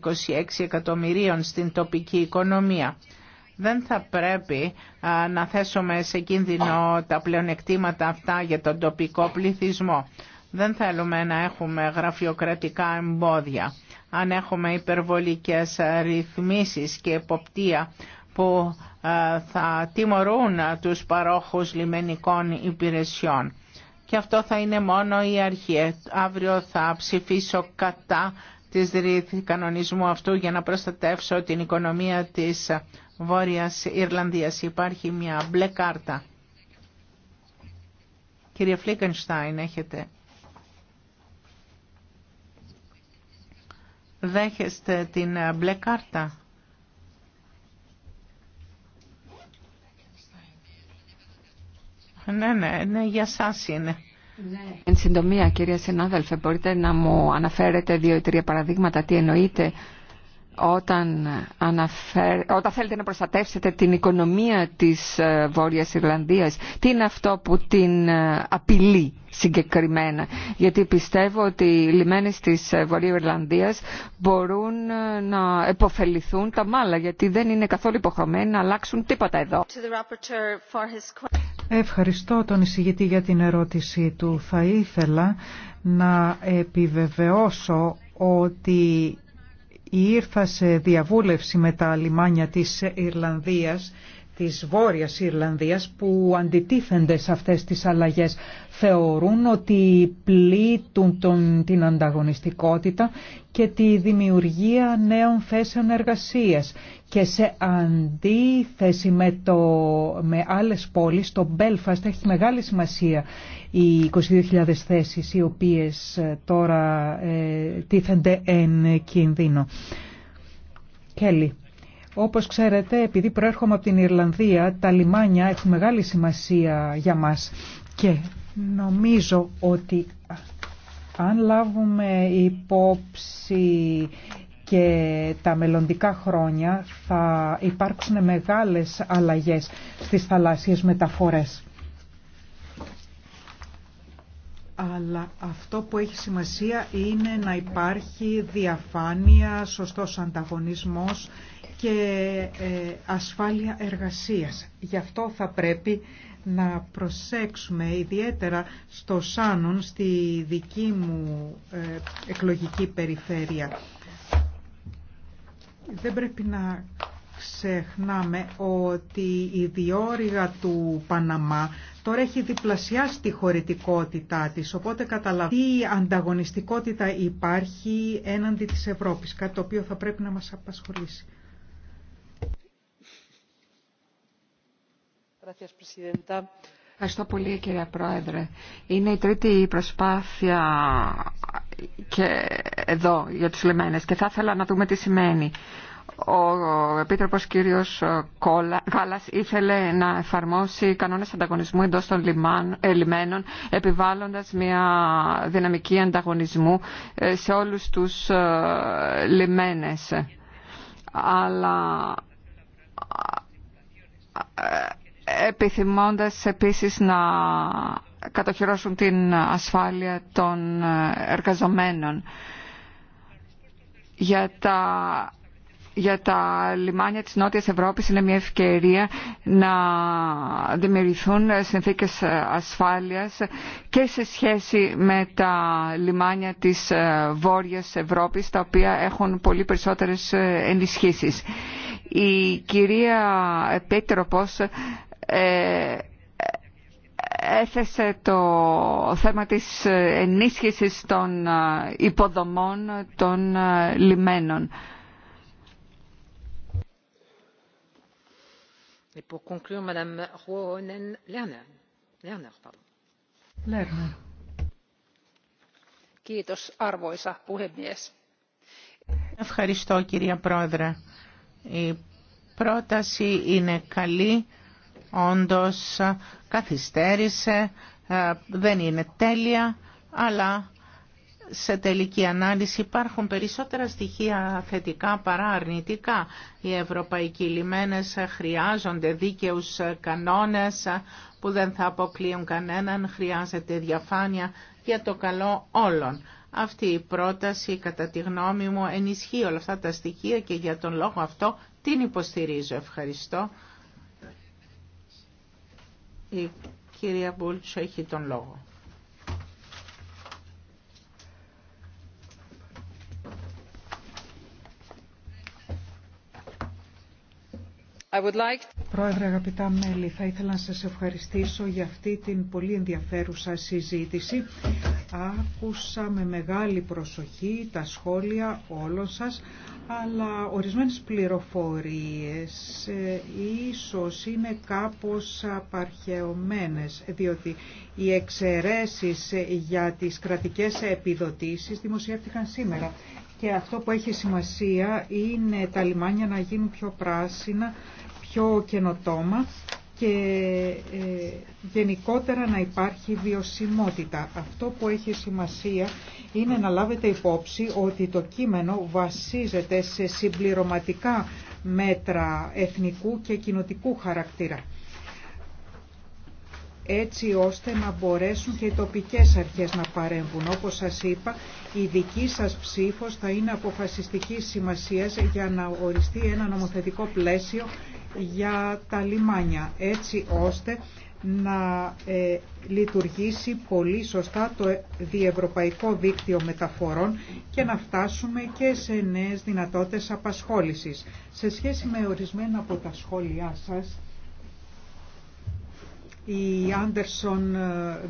εκατομμυρίων στην τοπική οικονομία. Δεν θα πρέπει να θέσουμε σε κίνδυνο τα πλεονεκτήματα αυτά για τον τοπικό πληθυσμό. Δεν θέλουμε να έχουμε γραφειοκρατικά εμπόδια. Αν έχουμε υπερβολικές ρυθμίσεις και εποπτεία που ε, θα τιμωρούν ε, τους παρόχους λιμενικών υπηρεσιών. Και αυτό θα είναι μόνο η αρχή. Ε, αύριο θα ψηφίσω κατά της κανονισμού αυτού για να προστατεύσω την οικονομία της Βόρειας Ιρλανδίας. Υπάρχει μια μπλε κάρτα. Κύριε Φλίκενστάιν, έχετε. Δέχεστε την μπλε κάρτα. Ναι, ναι, ναι, για σας είναι. Ναι. Εν συντομία, κυρία συνάδελφε, μπορείτε να μου αναφέρετε δύο ή τρία παραδείγματα τι εννοείτε όταν, όταν θέλετε να προστατεύσετε την οικονομία της ε, Βόρειας Ιρλανδίας. Τι είναι αυτό που την ε, απειλεί συγκεκριμένα. Γιατί πιστεύω ότι οι λιμένες της ε, Βορείου Ιρλανδίας μπορούν να επωφεληθούν τα μάλα γιατί δεν είναι καθόλου υποχρεωμένοι να αλλάξουν τίποτα εδώ. Ευχαριστώ τον εισηγητή για την ερώτησή του. Θα ήθελα να επιβεβαιώσω ότι ήρθα σε διαβούλευση με τα λιμάνια της Ιρλανδίας της Βόρειας Ιρλανδίας που αντιτίθενται σε αυτές τις αλλαγές θεωρούν ότι πλήττουν τον, την ανταγωνιστικότητα και τη δημιουργία νέων θέσεων εργασίας. Και σε αντίθεση με, το, με άλλες πόλεις, το Belfast έχει μεγάλη σημασία οι 22.000 θέσεις οι οποίες ε, τώρα ε, τίθενται εν κινδύνο. Κέλλη. Όπως ξέρετε, επειδή προέρχομαι από την Ιρλανδία, τα λιμάνια έχουν μεγάλη σημασία για μας. Νομίζω ότι αν λάβουμε υπόψη και τα μελλοντικά χρόνια θα υπάρξουν μεγάλες αλλαγές στις θαλάσσιες μεταφορές. αλλά αυτό που έχει σημασία είναι να υπάρχει διαφάνεια, σωστός ανταγωνισμός και ε, ασφάλεια εργασίας. Γι' αυτό θα πρέπει να προσέξουμε ιδιαίτερα στο Σάνον, στη δική μου ε, εκλογική περιφέρεια. Δεν πρέπει να ξεχνάμε ότι η διόρυγα του Παναμά Τώρα έχει διπλασιάσει τη χωρητικότητά της, οπότε καταλαβαίνει τι ανταγωνιστικότητα υπάρχει έναντι της Ευρώπης, κάτι το οποίο θα πρέπει να μας απασχολήσει. Ευχαριστώ πολύ κύριε Πρόεδρε. Είναι η τρίτη προσπάθεια και εδώ για τους λεμένες και θα ήθελα να δούμε τι σημαίνει ο Επίτροπος κύριος Γάλλας ήθελε να εφαρμόσει κανόνες ανταγωνισμού εντός των ε, λιμένων επιβάλλοντας μια δυναμική ανταγωνισμού ε, σε όλους τους ε, λιμένες. Αλλά επιθυμώντας επίσης να κατοχυρώσουν την ασφάλεια των εργαζομένων. Για τα για τα λιμάνια της Νότιας Ευρώπης είναι μια ευκαιρία να δημιουργηθούν συνθήκες ασφάλειας και σε σχέση με τα λιμάνια της ε, Βόρειας Ευρώπης τα οποία έχουν πολύ περισσότερες ε, ενισχύσεις. Η κυρία Πέτροπος ε, έθεσε το θέμα της ενίσχυσης των υποδομών των λιμένων. ευχαριστώ κυρία πρόεδρε η πρόταση είναι καλή όντως καθυστέρησε ε, δεν είναι τέλεια αλλά σε τελική ανάλυση υπάρχουν περισσότερα στοιχεία θετικά παρά αρνητικά. Οι ευρωπαϊκοί λιμένες χρειάζονται δίκαιους κανόνες που δεν θα αποκλείουν κανέναν, χρειάζεται διαφάνεια για το καλό όλων. Αυτή η πρόταση, κατά τη γνώμη μου, ενισχύει όλα αυτά τα στοιχεία και για τον λόγο αυτό την υποστηρίζω. Ευχαριστώ. Η κυρία Μπούλτσο έχει τον λόγο. Πρόεδρε, αγαπητά μέλη, θα ήθελα να σας ευχαριστήσω για αυτή την πολύ ενδιαφέρουσα συζήτηση. Άκουσα με μεγάλη προσοχή τα σχόλια όλων σας, αλλά ορισμένες πληροφορίες ε, ίσως είναι κάπως απαρχαιωμένες, διότι οι εξαιρέσεις ε, για τις κρατικές επιδοτήσεις δημοσιεύτηκαν σήμερα. Και αυτό που έχει σημασία είναι τα λιμάνια να γίνουν πιο πράσινα πιο καινοτόμα και ε, γενικότερα να υπάρχει βιωσιμότητα. Αυτό που έχει σημασία είναι να λάβετε υπόψη ότι το κείμενο βασίζεται σε συμπληρωματικά μέτρα εθνικού και κοινοτικού χαρακτήρα έτσι ώστε να μπορέσουν και οι τοπικές αρχές να παρέμβουν. Όπως σας είπα, η δική σας ψήφος θα είναι αποφασιστική σημασίας για να οριστεί ένα νομοθετικό πλαίσιο για τα λιμάνια, έτσι ώστε να ε, λειτουργήσει πολύ σωστά το διευρωπαϊκό δίκτυο μεταφορών και να φτάσουμε και σε νέες δυνατότητες απασχόλησης. Σε σχέση με ορισμένα από τα σχόλιά σας, οι Άντερσον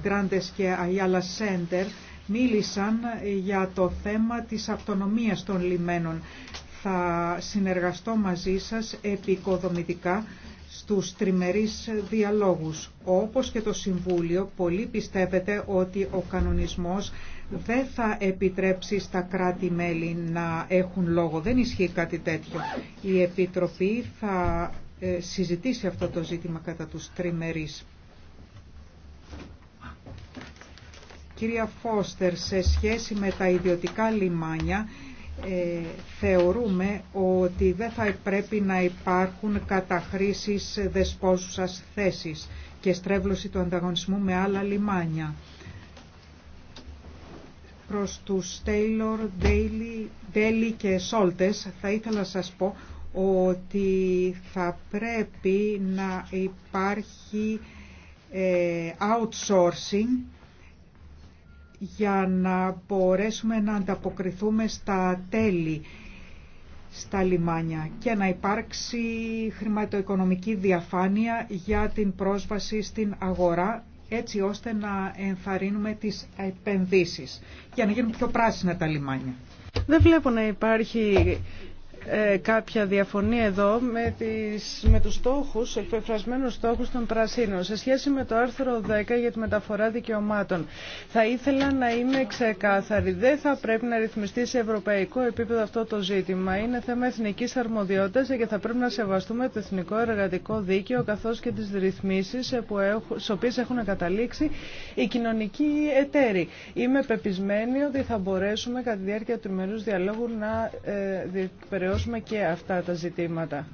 Γκράντες και Αγιάλα Σέντερ μίλησαν ε, για το θέμα της αυτονομίας των λιμένων θα συνεργαστώ μαζί σας επικοδομητικά στους τριμερείς διαλόγους. Όπως και το Συμβούλιο, πολλοί πιστεύετε ότι ο κανονισμός δεν θα επιτρέψει στα κράτη-μέλη να έχουν λόγο. Δεν ισχύει κάτι τέτοιο. Η Επιτροπή θα ε, συζητήσει αυτό το ζήτημα κατά τους τριμερείς. Κυρία Φώστερ, σε σχέση με τα ιδιωτικά λιμάνια, ε, θεωρούμε ότι δεν θα πρέπει να υπάρχουν καταχρήσεις δεσπόζουσας θέσης και στρέβλωση του ανταγωνισμού με άλλα λιμάνια. Προς τους Τέιλορ, Ντέιλι και Σόλτες θα ήθελα να σας πω ότι θα πρέπει να υπάρχει ε, outsourcing για να μπορέσουμε να ανταποκριθούμε στα τέλη στα λιμάνια και να υπάρξει χρηματοοικονομική διαφάνεια για την πρόσβαση στην αγορά έτσι ώστε να ενθαρρύνουμε τις επενδύσεις για να γίνουν πιο πράσινα τα λιμάνια. Δεν βλέπω να υπάρχει ε, κάποια διαφωνία εδώ με, τις, με τους στόχους, εκπεφρασμένους στόχους των πρασίνων σε σχέση με το άρθρο 10 για τη μεταφορά δικαιωμάτων. Θα ήθελα να είμαι ξεκάθαρη. Δεν θα πρέπει να ρυθμιστεί σε ευρωπαϊκό επίπεδο αυτό το ζήτημα. Είναι θέμα εθνική αρμοδιότητας και θα πρέπει να σεβαστούμε το εθνικό εργατικό δίκαιο καθώς και τις ρυθμίσεις στις οποίες έχουν καταλήξει οι κοινωνικοί εταίροι. Είμαι πεπισμένη ότι θα μπορέσουμε κατά τη διάρκεια του ημερούς διαλόγου να ε, επιβεβαιώσουμε και αυτά τα ζητήματα.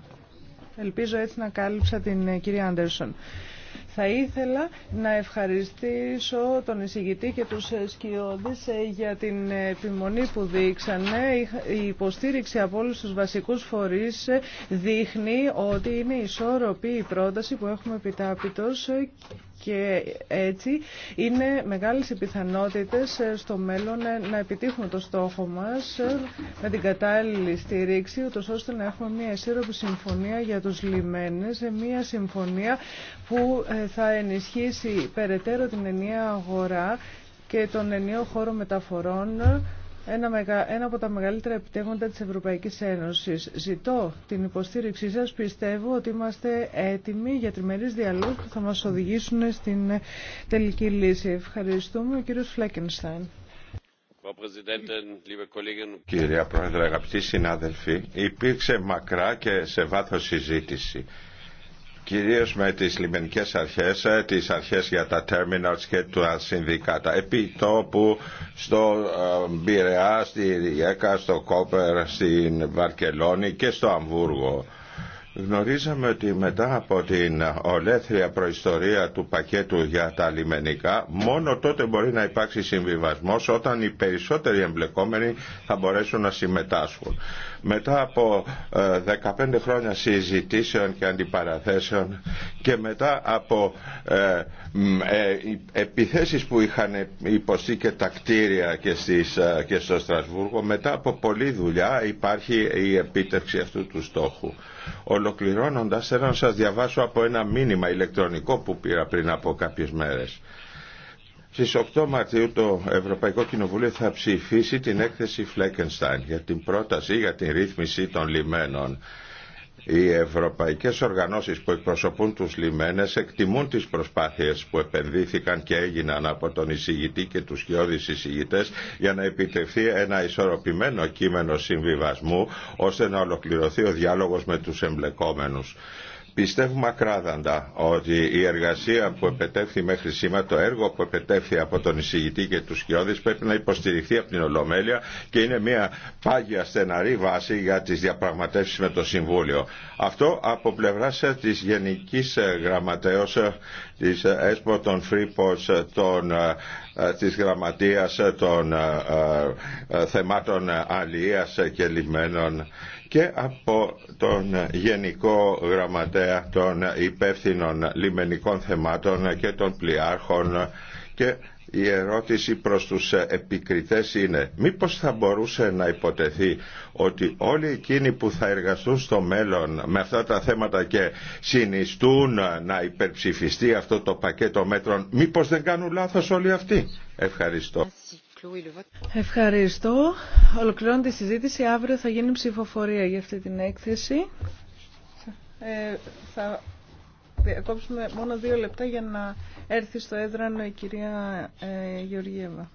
Ελπίζω έτσι να κάλυψα την ε, κυρία Άντερσον. Θα ήθελα να ευχαριστήσω τον εισηγητή και τους ε, σκιώδεις ε, για την επιμονή που δείξανε. Η υποστήριξη από όλους τους βασικούς φορείς δείχνει ότι είναι ισόρροπη η πρόταση που έχουμε επιτάπητος και έτσι είναι μεγάλες οι πιθανότητες ε, στο μέλλον ε, να επιτύχουμε το στόχο μας ε, με την κατάλληλη στηρίξη ούτως ώστε να έχουμε μια σύρροπη συμφωνία για τους λιμένες, μια συμφωνία που θα ενισχύσει περαιτέρω την ενιαία αγορά και τον ενίο χώρο μεταφορών ένα, από τα μεγαλύτερα επιτεύγματα της Ευρωπαϊκής Ένωσης. Ζητώ την υποστήριξή σας. Πιστεύω ότι είμαστε έτοιμοι για τριμερείς διαλόγους που θα μας οδηγήσουν στην ε, τελική λύση. Ευχαριστούμε. Ο κύριος Φλέκενστάιν. Κυρία Πρόεδρε, αγαπητοί συνάδελφοι, υπήρξε μακρά και σε βάθος συζήτηση κυρίως με τις λιμενικές αρχές, ε, τις αρχές για τα terminals και τα συνδικάτα. Επί τόπου στο ε, Μπιρεά, στη Ριέκα, στο Κόπερ, στην Βαρκελόνη και στο Αμβούργο. Γνωρίζαμε ότι μετά από την ολέθρια προϊστορία του πακέτου για τα λιμενικά, μόνο τότε μπορεί να υπάρξει συμβιβασμός όταν οι περισσότεροι εμπλεκόμενοι θα μπορέσουν να συμμετάσχουν. Μετά από 15 ε, χρόνια συζητήσεων και αντιπαραθέσεων και μετά από ε, ε, επιθέσεις που είχαν υποστεί και τα κτίρια και στο Στρασβούργο, μετά από πολλή δουλειά υπάρχει η επίτευξη αυτού του στόχου ολοκληρώνοντας θέλω να σας διαβάσω από ένα μήνυμα ηλεκτρονικό που πήρα πριν από κάποιες μέρες. Στις 8 Μαρτίου το Ευρωπαϊκό Κοινοβούλιο θα ψηφίσει την έκθεση Φλέκενστάιν για την πρόταση για την ρύθμιση των λιμένων. Οι ευρωπαϊκές οργανώσεις που εκπροσωπούν τους λιμένες εκτιμούν τις προσπάθειες που επενδύθηκαν και έγιναν από τον εισηγητή και του γεώδεις εισηγητές για να επιτευχθεί ένα ισορροπημένο κείμενο συμβιβασμού ώστε να ολοκληρωθεί ο διάλογος με τους εμπλεκόμενους. Πιστεύουμε ακράδαντα ότι η εργασία που επετεύχθη μέχρι σήμερα, το έργο που επετεύχθη από τον εισηγητή και τους κοιόδης πρέπει να υποστηριχθεί από την Ολομέλεια και είναι μια πάγια στεναρή βάση για τις διαπραγματεύσεις με το Συμβούλιο. Αυτό από πλευρά της Γενικής Γραμματέως της ΕΣΠΟ των ΦΡΙΠΟΣ, των ε, της γραμματείας των ε, ε, θεμάτων αλληλείας και λιμένων και από τον Γενικό Γραμματέα των Υπεύθυνων Λιμενικών Θεμάτων και των Πλοιάρχων και η ερώτηση προς τους επικριτές είναι μήπως θα μπορούσε να υποτεθεί ότι όλοι εκείνοι που θα εργαστούν στο μέλλον με αυτά τα θέματα και συνιστούν να υπερψηφιστεί αυτό το πακέτο μέτρων μήπως δεν κάνουν λάθος όλοι αυτοί. Ευχαριστώ. Ευχαριστώ. Ολοκληρώνω τη συζήτηση. Αύριο θα γίνει ψηφοφορία για αυτή την έκθεση. Ε, θα διακόψουμε μόνο δύο λεπτά για να έρθει στο έδρανο η κυρία ε, Γεωργίευα.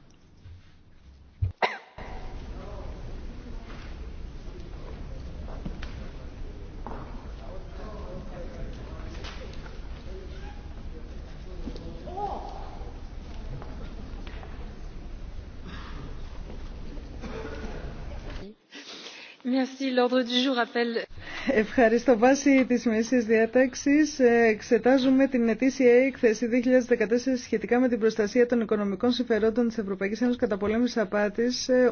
Ευχαριστώ. Βάσει τη μεσής διάταξη ε, εξετάζουμε την ετήσια έκθεση 2014 σχετικά με την προστασία των οικονομικών συμφερόντων τη Ευρωπαϊκή Ένωση κατά πολέμηση απάτη. Ε,